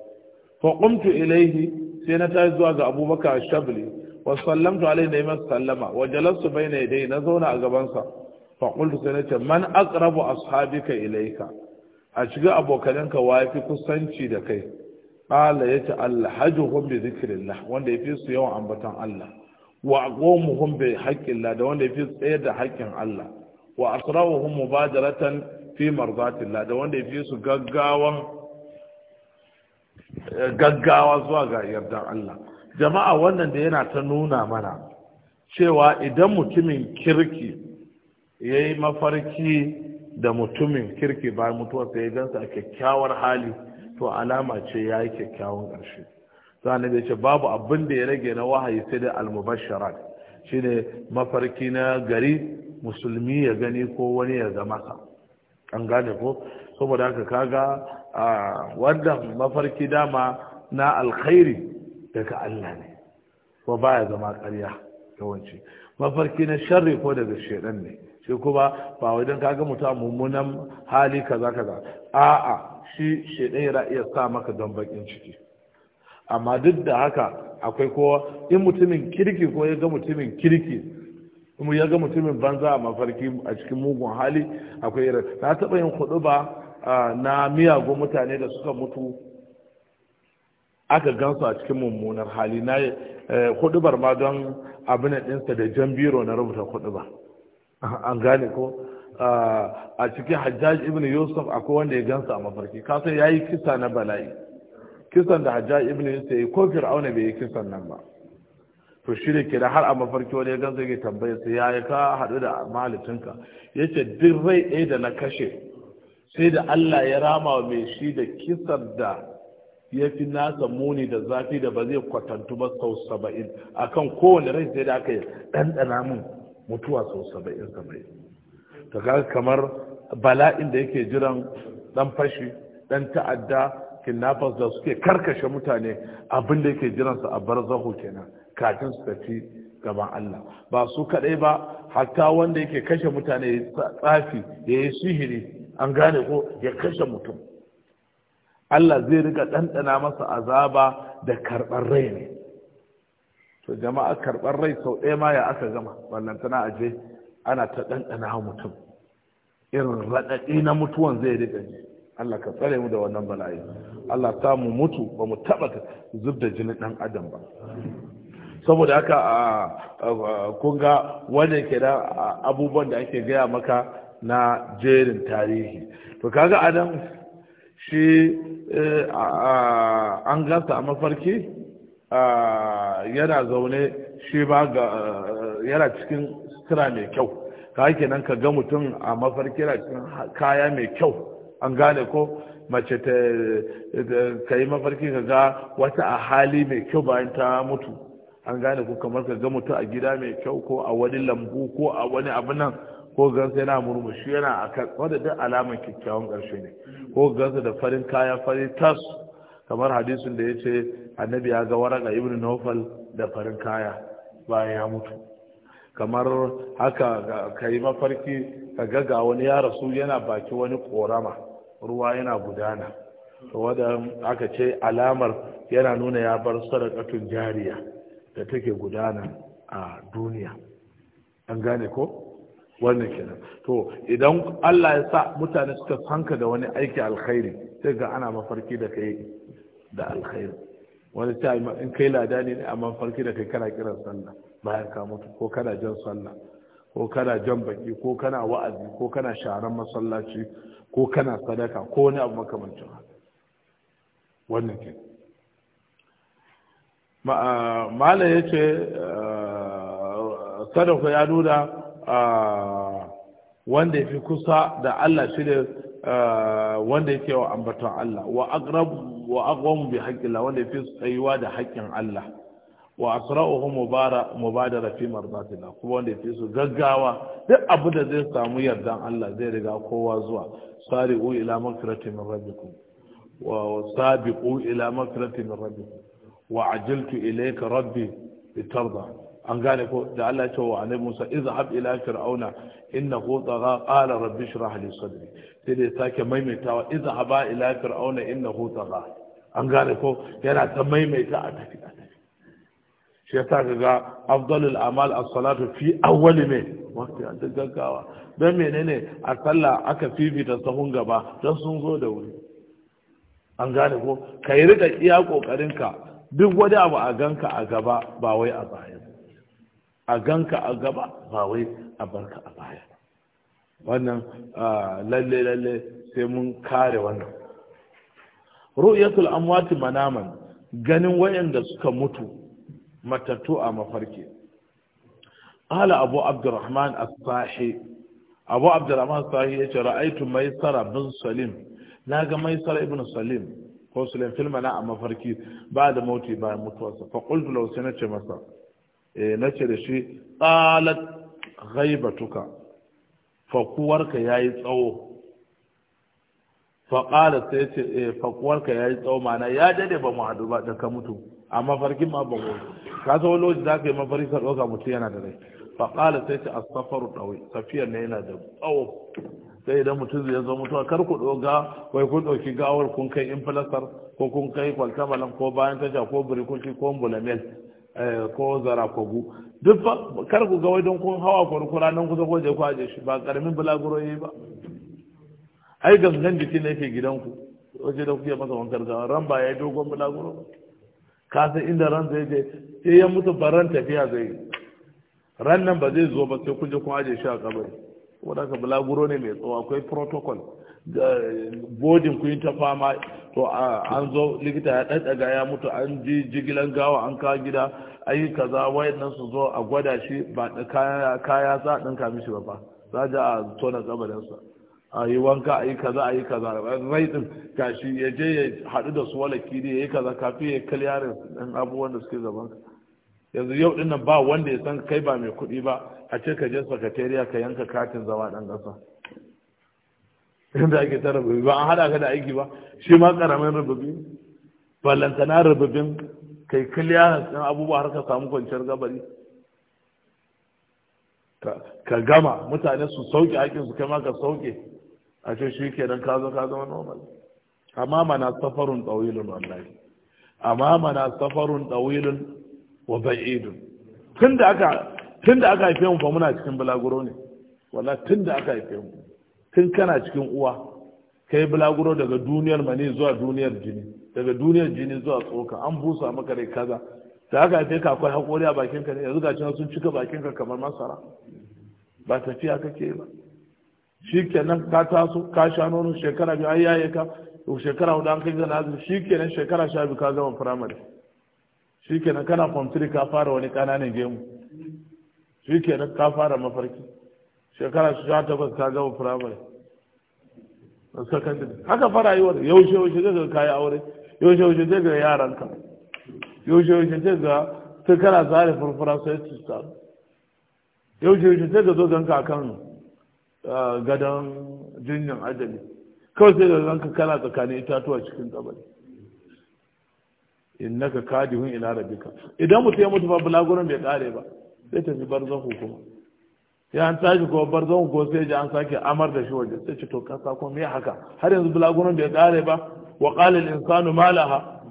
fa qumtu ilaihi sai na tashi zuwa ga abubakar shabli wa sallamtu alaihi da masa sallama wa jalastu baina yadayhi na zauna a gaban sa fa qultu sai ce man aqrabu ashabika ilaika a shiga abokananka wa yafi kusanci da kai qala yace alhajuhum bi zikrillah wanda yafi su yawan ambatan Allah wa aqwamuhum bi haqqillah da wanda yafi tsaye da haƙƙin Allah wa asra'uhum mubadaratan fi mardatillah da wanda yafi su gaggawan gaggawa zuwa ga yardan Allah jama'a wannan da yana ta nuna mana cewa idan mutumin kirki ya yi mafarki da mutumin kirki bayan mutuwarsa ya gansa a kyakkyawar hali to alama ce ya yi kyakkyawan ƙarshe za a ce babu abin da ya rage na wahayi sai da almubasharat ne mafarki na gari musulmi ya gani ko wani ya zama ka, an gane ko saboda haka kaga wannan mafarki dama na alkhairi daga Allah ne ko baya zama ƙarya yawanci mafarki na sharri ko daga shaidan ne sai kuma ba wajen kaga mutum mummunan hali kaza kaza a'a shi shaidan yana iya sa maka don bakin ciki amma duk da haka akwai kowa in mutumin kirki ko ya ga mutumin kirki kuma ya ga mutumin banza a mafarki a cikin mugun hali akwai irin na taɓa yin hudu ba na miyagun mutane da suka mutu aka gansu a cikin mummunar hali na e, hudubar ma don abin ɗinsa da jan biro na rubuta ba an gane ko a cikin hajjaj ibn yusuf akwai wanda ya gansa a mafarki kasan ya yi kisa na bala'i kisan da hajjaj ibn yusuf ya yi ko fir'auna bai yi kisan nan ba to shi da kira har a mafarki wani ya gansa ya tambaya sai ya yi ka haɗu da mahalicinka ya ce duk rai ɗaya da na kashe sai da allah ya rama mai shi da kisan da ya fi nasa muni da zafi da ba zai kwatantu ba sau saba'in akan kowane rai sai da aka yi ɗanɗana min mutuwa sau saba'in saba'in ta ga kamar bala'in da yake jiran dan fashi dan ta'adda kinnafas da suke karkashe mutane abin da yake su a bar barzahu kenan kafin su tafi gaban Allah ba su kaɗai ba hatta wanda yake kashe mutane ya tsafi ya yi sihiri an gane ko ya kashe mutum Allah zai riga ɗanɗana masa azaba da karɓar rai ne to jama'a karɓar rai sau ɗaya ma ya aka gama wannan tana aje ana ta ɗanɗana mutum irin raɗaɗi na mutuwan zai riƙa ji Allah ka tsare mu da wannan bala'i Allah ta mu mutu ba mu taɓa zub da jinin ɗan adam ba saboda haka kun ga wanda ke da abubuwan da ake gaya maka na jerin tarihi to kaga adam shi eh, an gasa a mafarki yana zaune shi ba ga eh, yana cikin sutura mai kyau ka kenan ka ga mutum a mafarki na cikin kaya mai kyau an gane ko mace ta ka yi mafarki ka ga wata a hali mai kyau bayan ta mutu an gane ko kamar ka ga mutum a gida mai kyau ko a wani lambu ko a wani abu nan ko gansa yana murmushi yana a kan wadda duk alamar kyakkyawan ƙarshe ne ko gansa da farin kaya farin tas kamar hadisin da ya ce annabi ya ga waraka ibn nufal da farin kaya bayan ya mutu kamar haka ka yi mafarki ka gaga wani ya rasu yana baki wani korama ruwa yana gudana wadda aka ce alamar yana nuna ya bar sarakatun jariya da take gudana a duniya an gane ko wannan kenan to idan Allah ya sa mutane suka sanka da wani aiki alkhairi sai ga ana mafarki da kai da alkhairi wani ta in kai lada ne amma mafarki da kai kana kiran sallah bayan ka mutu ko kana jan sallah ko kana jan baki ko kana wa'azi ko kana sharan masallaci ko kana sadaka ko wani abu makamancin haka wannan ke ma'ala ya ce sadaka ya nuna wanda ya fi kusa da Allah shi ne wanda yake wa ambaton Allah wa aqrab wa aqwam bi haqqillah wanda yafi tsayuwa da haƙƙin Allah wa asra'uhu mubara mubadara fi mardatillah kuma wanda yake su gaggawa duk abu da zai samu yardan Allah zai riga kowa zuwa sari'u ila maghfirati min rabbikum wa sabiqu ila min rabbikum wa ajiltu ilayka rabbi litarda an gane ko da Allah ya ce wa annabi Musa izhab ila fir'auna innahu tagha qala rabbi shrah li sadri sai sake maimaitawa izhaba ila fir'auna innahu tagha an gane ko yana ta maimaita a shi ka ga afdalul amal as-salatu fi awwali me waqti a gaggawa dan menene a sallah aka fifita sahun gaba dan sun zo da wuri an gane ko kai rika iya kokarin ka duk wani abu a ganka a gaba ba wai a baya a ganka a gaba ba wai a barka a baya wannan lalle lalle sai mun kare wannan ru'yatul amwati manaman ganin wayanda suka mutu matattu a mafarki ala abu abdurrahman as-sahi abu abdurrahman as-sahi yace ra'aytu maisara bin salim naga maisara ibn salim ko salim filma na a mafarki ba da mauti ba mutuwarsa fa qultu law sanace masa eh nace da shi qalat ghaibatuka kuwarka yayi tsawo fa qalat sai ce eh, kuwarka yayi tsawo mana ya dade ba mu hadu ba da ka mutu a mafarkin ma ba gobe ka zo lokaci za ka yi mafarki ka ɗauka mutum yana da rai faƙala sai ta asafaru ɗawai tafiyar ne yana da tsawo sai idan mutum zai zo mutuwa kar ku ɗoga wai kun ɗauki gawar kun kai falasar ko kun kai kwaltamalan ko bayan tasha ko birikunci ko bulamel eh, ko zara kogu duk kar ku ga wai don kun hawa kurkura nan kusa ko je ku aje shi ba karamin bulaguro yi ba ai gangan jiki ne ke gidanku waje da kuke masa wankar gawa ran ba ya dogon bulaguro ba Kasan inda ran zai je sai ya mutu baran tafiya zai yi ran nan ba zai zo ba sai kuje kun aje shi a kabari wanda ka bulaguro ne mai tsawo akwai protocol eh, bodin kun ta fama to an zo likita ya daddaga ya mutu an ji jigilan gawa an ka gida ayi kaza wayannan su zo a gwada shi ba kaya za a dinka mishi ba fa za a tona kabarinsa a yi wanka a yi kaza a yi kaza rai din gashi ya je ya haɗu da su wala kiri ya yi kaza kafin ya kalli yaran ɗan abubuwan da suke gaban yanzu yau ɗin ba wanda ya san kai ba mai kuɗi ba a ce ka je sakatariya ka yanka katin zama ɗan ƙasa yadda ake ta rububi ba an haɗa ka da aiki ba shi ma ƙaramin rububi ballantana rububin kai kiliya ɗan abubuwa har ka samu kwanciyar gabari ka gama mutane su sauke aikin kai ma ka sauke a ce shi kenan ka zo ka zama normal amma mana safarun tsawilun wallahi amma mana safarun tsawilun wa ba'idun tunda aka tunda aka haife mu fa muna cikin bulaguro ne wallahi tunda aka haife mu tun kana cikin uwa kai bulaguro daga duniyar mani zuwa duniyar jini daga duniyar jini zuwa tsoka an busa maka rai kaza da aka haife ka akwai haƙori a bakinka ne yanzu ga sun cika bakinka kamar masara ba tafiya kake ba shi kenan ka taso ka sha nono shekara biyu ai yaye ka shekara hudu an kai zana azumi shi kenan shekara sha biyu ka gama firamare shi kenan kana kwamfiri ka fara wani ƙananan gemu shi kenan ka fara mafarki shekara sha takwas ka gama firamare sakandare haka fara yi wani yaushe yaushe zai ga kayi aure yaushe yaushe zai ga yaranka yaushe yaushe zai ga sai kana zare furfura sai su samu yaushe yaushe zai ga zo ganka a kan gadon jinyan ajali kawai sai da ranka kana tsakanin itatuwa cikin kabari kadi hun ila rabbika idan mutum ya mutu ba bulaguran bai kare ba sai tafi barzahu kuma ya an tashi ko barzahu ko sai ji an sake amar da shi waje sai ce to ka sako me haka har yanzu bulaguran bai kare ba wa qala al insanu ma laha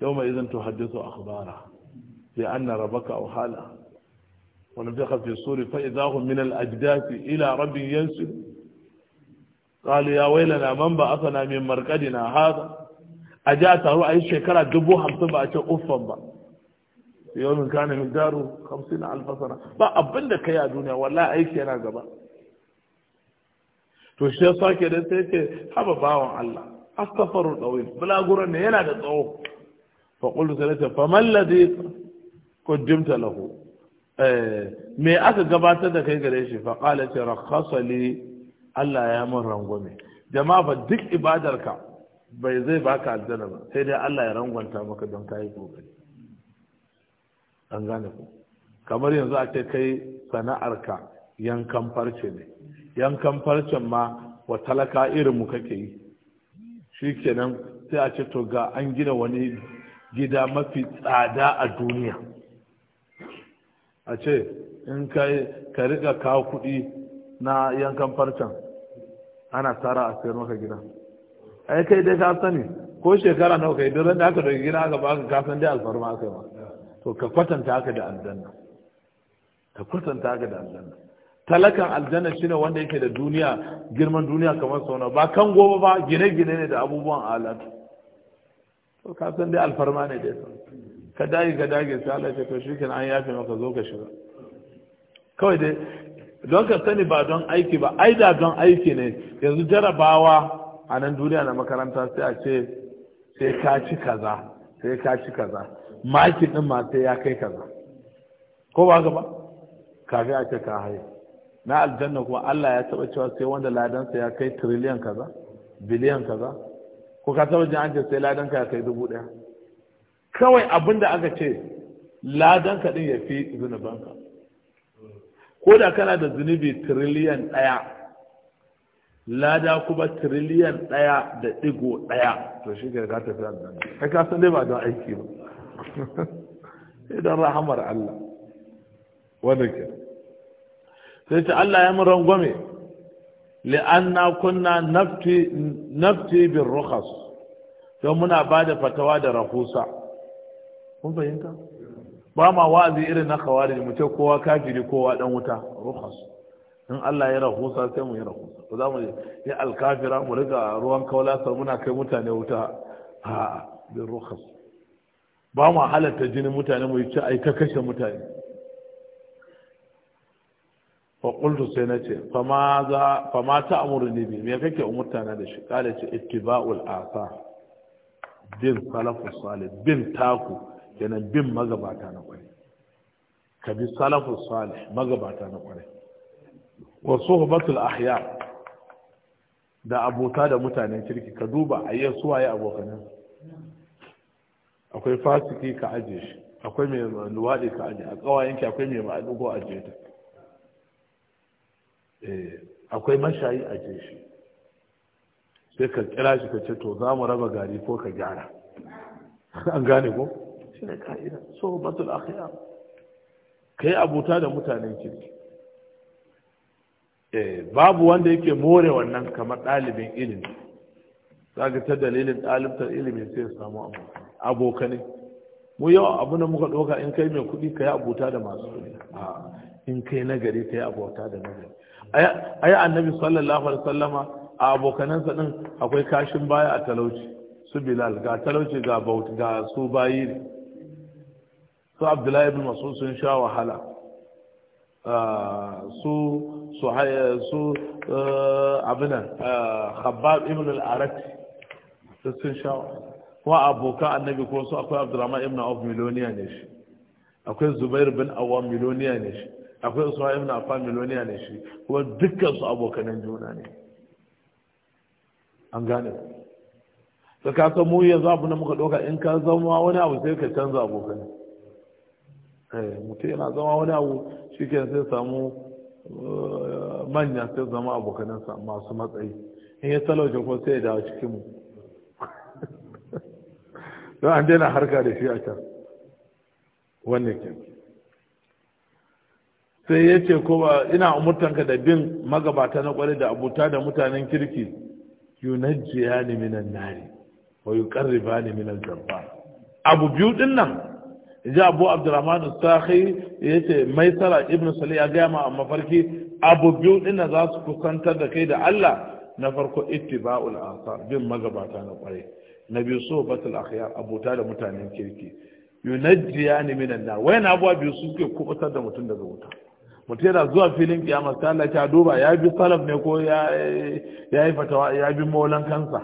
yawma idan tuhaddisu akhbara bi anna rabbaka aw hala ونفخ في الصور فإذا هم من الأجداث إلى رب ينسل قالوا يا ويلنا من بعثنا من مرقدنا هذا أجاء تهروا أي شكرا دبو حمسن بأشي أفا با يوم كان مقداره خمسين ألف سنة با أبنك يا دنيا ولا أي شيء أنا قبا to shi ya sake da sai ce haba bawan Allah astaghfaru dawil bulaguran ne yana da tsawo fa qulu sai ta famal ladhi qaddimta lahu Eh, me aka gabatar da kai gare shi fa qala ta rakhasa li Allah ya mun rangwame jama'a fa duk ibadarka bai zai baka aljanna ba sai dai Allah ya rangwanta maka don kai kokari an gane ku kamar yanzu a ce kai sana'arka yankan farce ne yankan farcen ma wa talaka irin mu kake yi shikenan sai a ce to ga an gina wani gida mafi tsada a duniya a ce in kai ka riga kawo kudi na yankan farcen ana tara a sayar maka gida ai kai dai ka sani ko shekara nawa kai duk da aka dauki gida aka baka ka san dai alfarma aka yi ma to ka kwatanta haka da aljanna ka kwatanta haka da aljanna talakan aljanna shine wanda yake da duniya girman duniya kamar sauna ba kan gobe ba gine-gine ne da abubuwan alatu to ka san dai alfarma ne dai ka dage ka dage sai Allah ya to shi an yafe maka zo ka shiga kawai dai don ka sani ba don aiki ba ai da don aiki ne yanzu jarabawa a nan duniya na makaranta sai a ce sai ka ci kaza sai ka ci kaza maki din ma sai ya kai kaza ko ba ka ba kafin a ce ka haye na aljanna kuma Allah ya taba cewa sai wanda ladansa ya kai triliyan kaza biliyan kaza ko ka taba jin an ce sai ladanka ya kai dubu daya kawai abin da aka ce ladan ka din ya fi zunubanka ko da kana da zunubi tiriliyan ɗaya lada kuma tiriliyan ɗaya da ɗigo ɗaya to shi ka ta fi kai ka san dai ba don aiki ba idan rahamar Allah wanda ke sai ta Allah ya muran gwame li'anna kunna nafti nafti bin rukhas don muna ba da fatawa da rahusa kun fahimta ba ma wa'azi irin na kawari mu ce kowa kafiri kowa dan wuta ruhas in Allah ya rahusa sai mu yi rahusa ba za mu yi alkafira mu riga ruwan kaula sai muna kai mutane wuta ha bin ruhas ba mu halatta jinin mutane mu yi ci ai ta kashe mutane fa qultu sai na ce fa ma za fa ma ne bi me kake umurtana da shi kale ce ittiba'ul asa bin salafus salih bin taku kenan bin magabata na kwarai ka bi salafu salih magabata na kwarai wa suhbatul ahya da abota da mutanen kirki ka duba ayyar suwaye abokanan akwai fasiki ka aje shi akwai mai luwaɗi ka aje a ƙawayenki akwai mai ko aje ta eh, akwai mashayi aje shi sai ka kira shi ka ce to za mu raba gari ko ka gyara an gane ko shi ne ka'ida batul akhira kai abuta da mutanen kirki eh, babu wanda yake more wannan kamar dalibin ilimi zaka ta dalilin dalibtar ilimi sai ya samu abokane mu yau abu na muka ɗauka in kai mai kuɗi ka yi da masu kuɗi in kai nagari ka yi abota da nagari ayi annabi sallallahu alaihi sallama a abokanansa din akwai kashin baya a talauci su bilal ga talauci ga su bayi su abdullahi bin masu sun sha wahala ah, su su su ah, abinan ah, habab ibn al-arati sun sha wahala kuma abokan annabi ko su akwai Abdullahi ibn of miloniya ne shi akwai zubair bin awam miloniya ne shi akwai usman ibn affan miloniya ne shi kuma dukkan su abokanan juna ne an gane da ka san mu yanzu abu na muka doka in ka zama wani abu sai ka canza abokanin Eh, mutum yana zama wani abu shi ke sai samu eh, manya sai zama abokanansa masu matsayi in ya talauce ko sai ya dawo cikin mu don an daina harka da shi a can wannan ke sai ya ce ko ina umurtanka da bin magabata na kwarai da abuta da mutanen kirki yunajjiya ni minan nari wa yuqarriba ni minan jamba abu biyu din nan ji abu abdurrahman sahi ya ce maisara ibn sali ya gaya ma a mafarki abu biyu dinna za su kusantar da kai da allah na farko ittiba'ul asar bin magabata na kwarai na biyu sohbatul akhyar abota da mutanen kirki yunajjiyani minan nar wayan a biyu su suke kubutar da mutum daga wuta mutum yana zuwa filin kiyama sai Allah ya duba ya bi salaf ne ko ya yi fatawa ya bi maulan kansa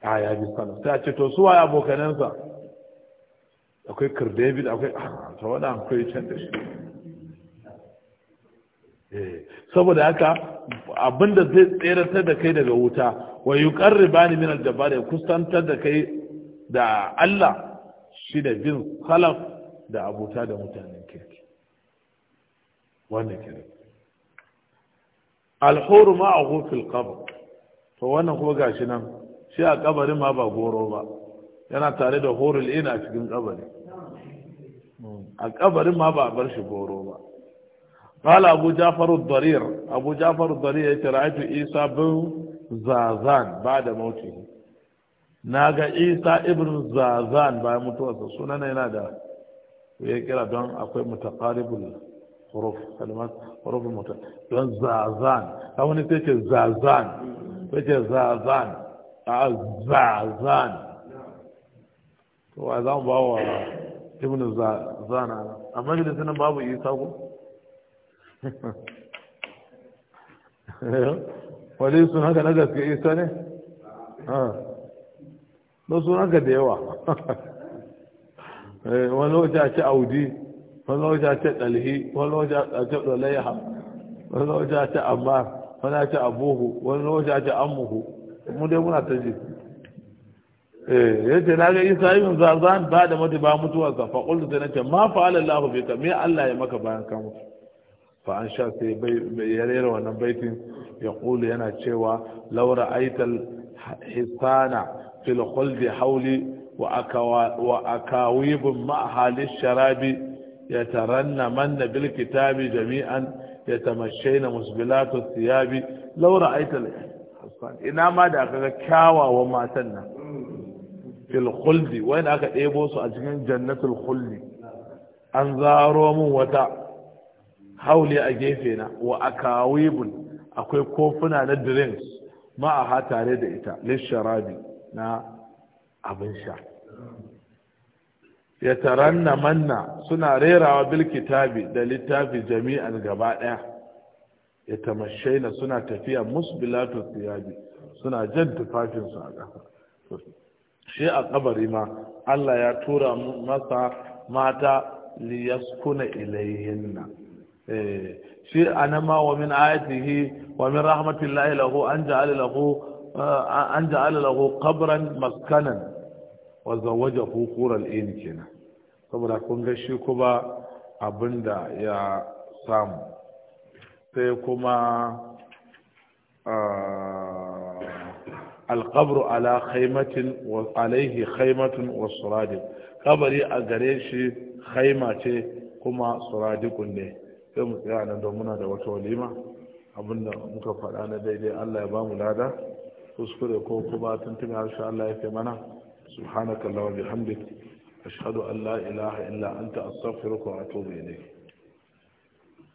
a ya bi salaf sai a ce to su waye abokanansa akwai kir david akwai ah, ta wadda akwai can da shi eh, saboda haka abinda zai tseratar da kai daga wuta wa yi ba ni min da ya kusantar da kai da allah shi da bin salaf da abuta da mutanen kirki wannan kirki alhoro ma a hufil kaba to wannan kuma gashi nan shi a kabarin ma ba goro ba yana tare da horil ina cikin kabari a kabarin ma ba a bar shi goro ba kala abu jafaru darir abu jafaru darir ya ce ra'aytu isa bin zazan ba da mauti na ga isa ibn zazan bayan mutuwarsa sunana yana da ya kira don akwai mutaqaribul huruf kalmat huruf don zazan ta wani sai ce zazan sai ce zazan a zazan wa za mu ba wa ibn zana a majalisun nan babu isa ko wale sun haka na gaske isa ne da sun haka da yawa wani wajen a audi wani wajen a dalhi wani lokaci a ce dalaiha wani wajen a ce wani a ce abuhu wani wajen a amuhu mu dai muna ta ji Eh, ya ce na ga isa ibn zarzan ba da mutu ba mutuwa ka fa qultu nace ma fa Allah ka, me Allah ya maka bayan ka mutu fa an sha sai bai rera wannan baitin ya qulu yana cewa law ra'aital hisana fil khuldi hawli wa akawa wa akawib ma halis sharabi yataranna man bil kitabi jami'an yatamashayna musbilatu thiyabi law ra'aital ina ma da kaga kyawawan matan nan fil khuldi wanda aka ɗebo su a cikin jannatul khuldi an zaro mun wata hauli a gefe na wa akawibun akwai kofuna na drinks ma'aha tare da ita lisharabi na abin sha ya taranna manna suna rerawa bil da littafi jami'an gaba ɗaya ya tamashaina suna tafiya musbilatu suna jan tufafinsu a ƙasa shi a kabari ma Allah ya tura masa mata liyaskuna ilayhinna eh, shi anama wa min ayatihi wa min rahmatillahi lahu an ja'ala lahu eh, an ja'ala lahu qabran maskanan wa zawwajahu qural in kina saboda kun ga shi kuma abinda ya samu sai kuma ah, alƙabru ala khaimatin wa alaihi khaimatun wa suradin. kabari a gare shi khaima ce kuma suradikun ne sai mu tsaya nan don muna da wata walima abinda muka faɗa na daidai Allah ya ba mu lada kuskure ko kuma tuntun harshe Allah ya fi mana subhanaka wa bihamdik ashhadu an la ilaha illa anta astaghfiruka wa atubu ilayk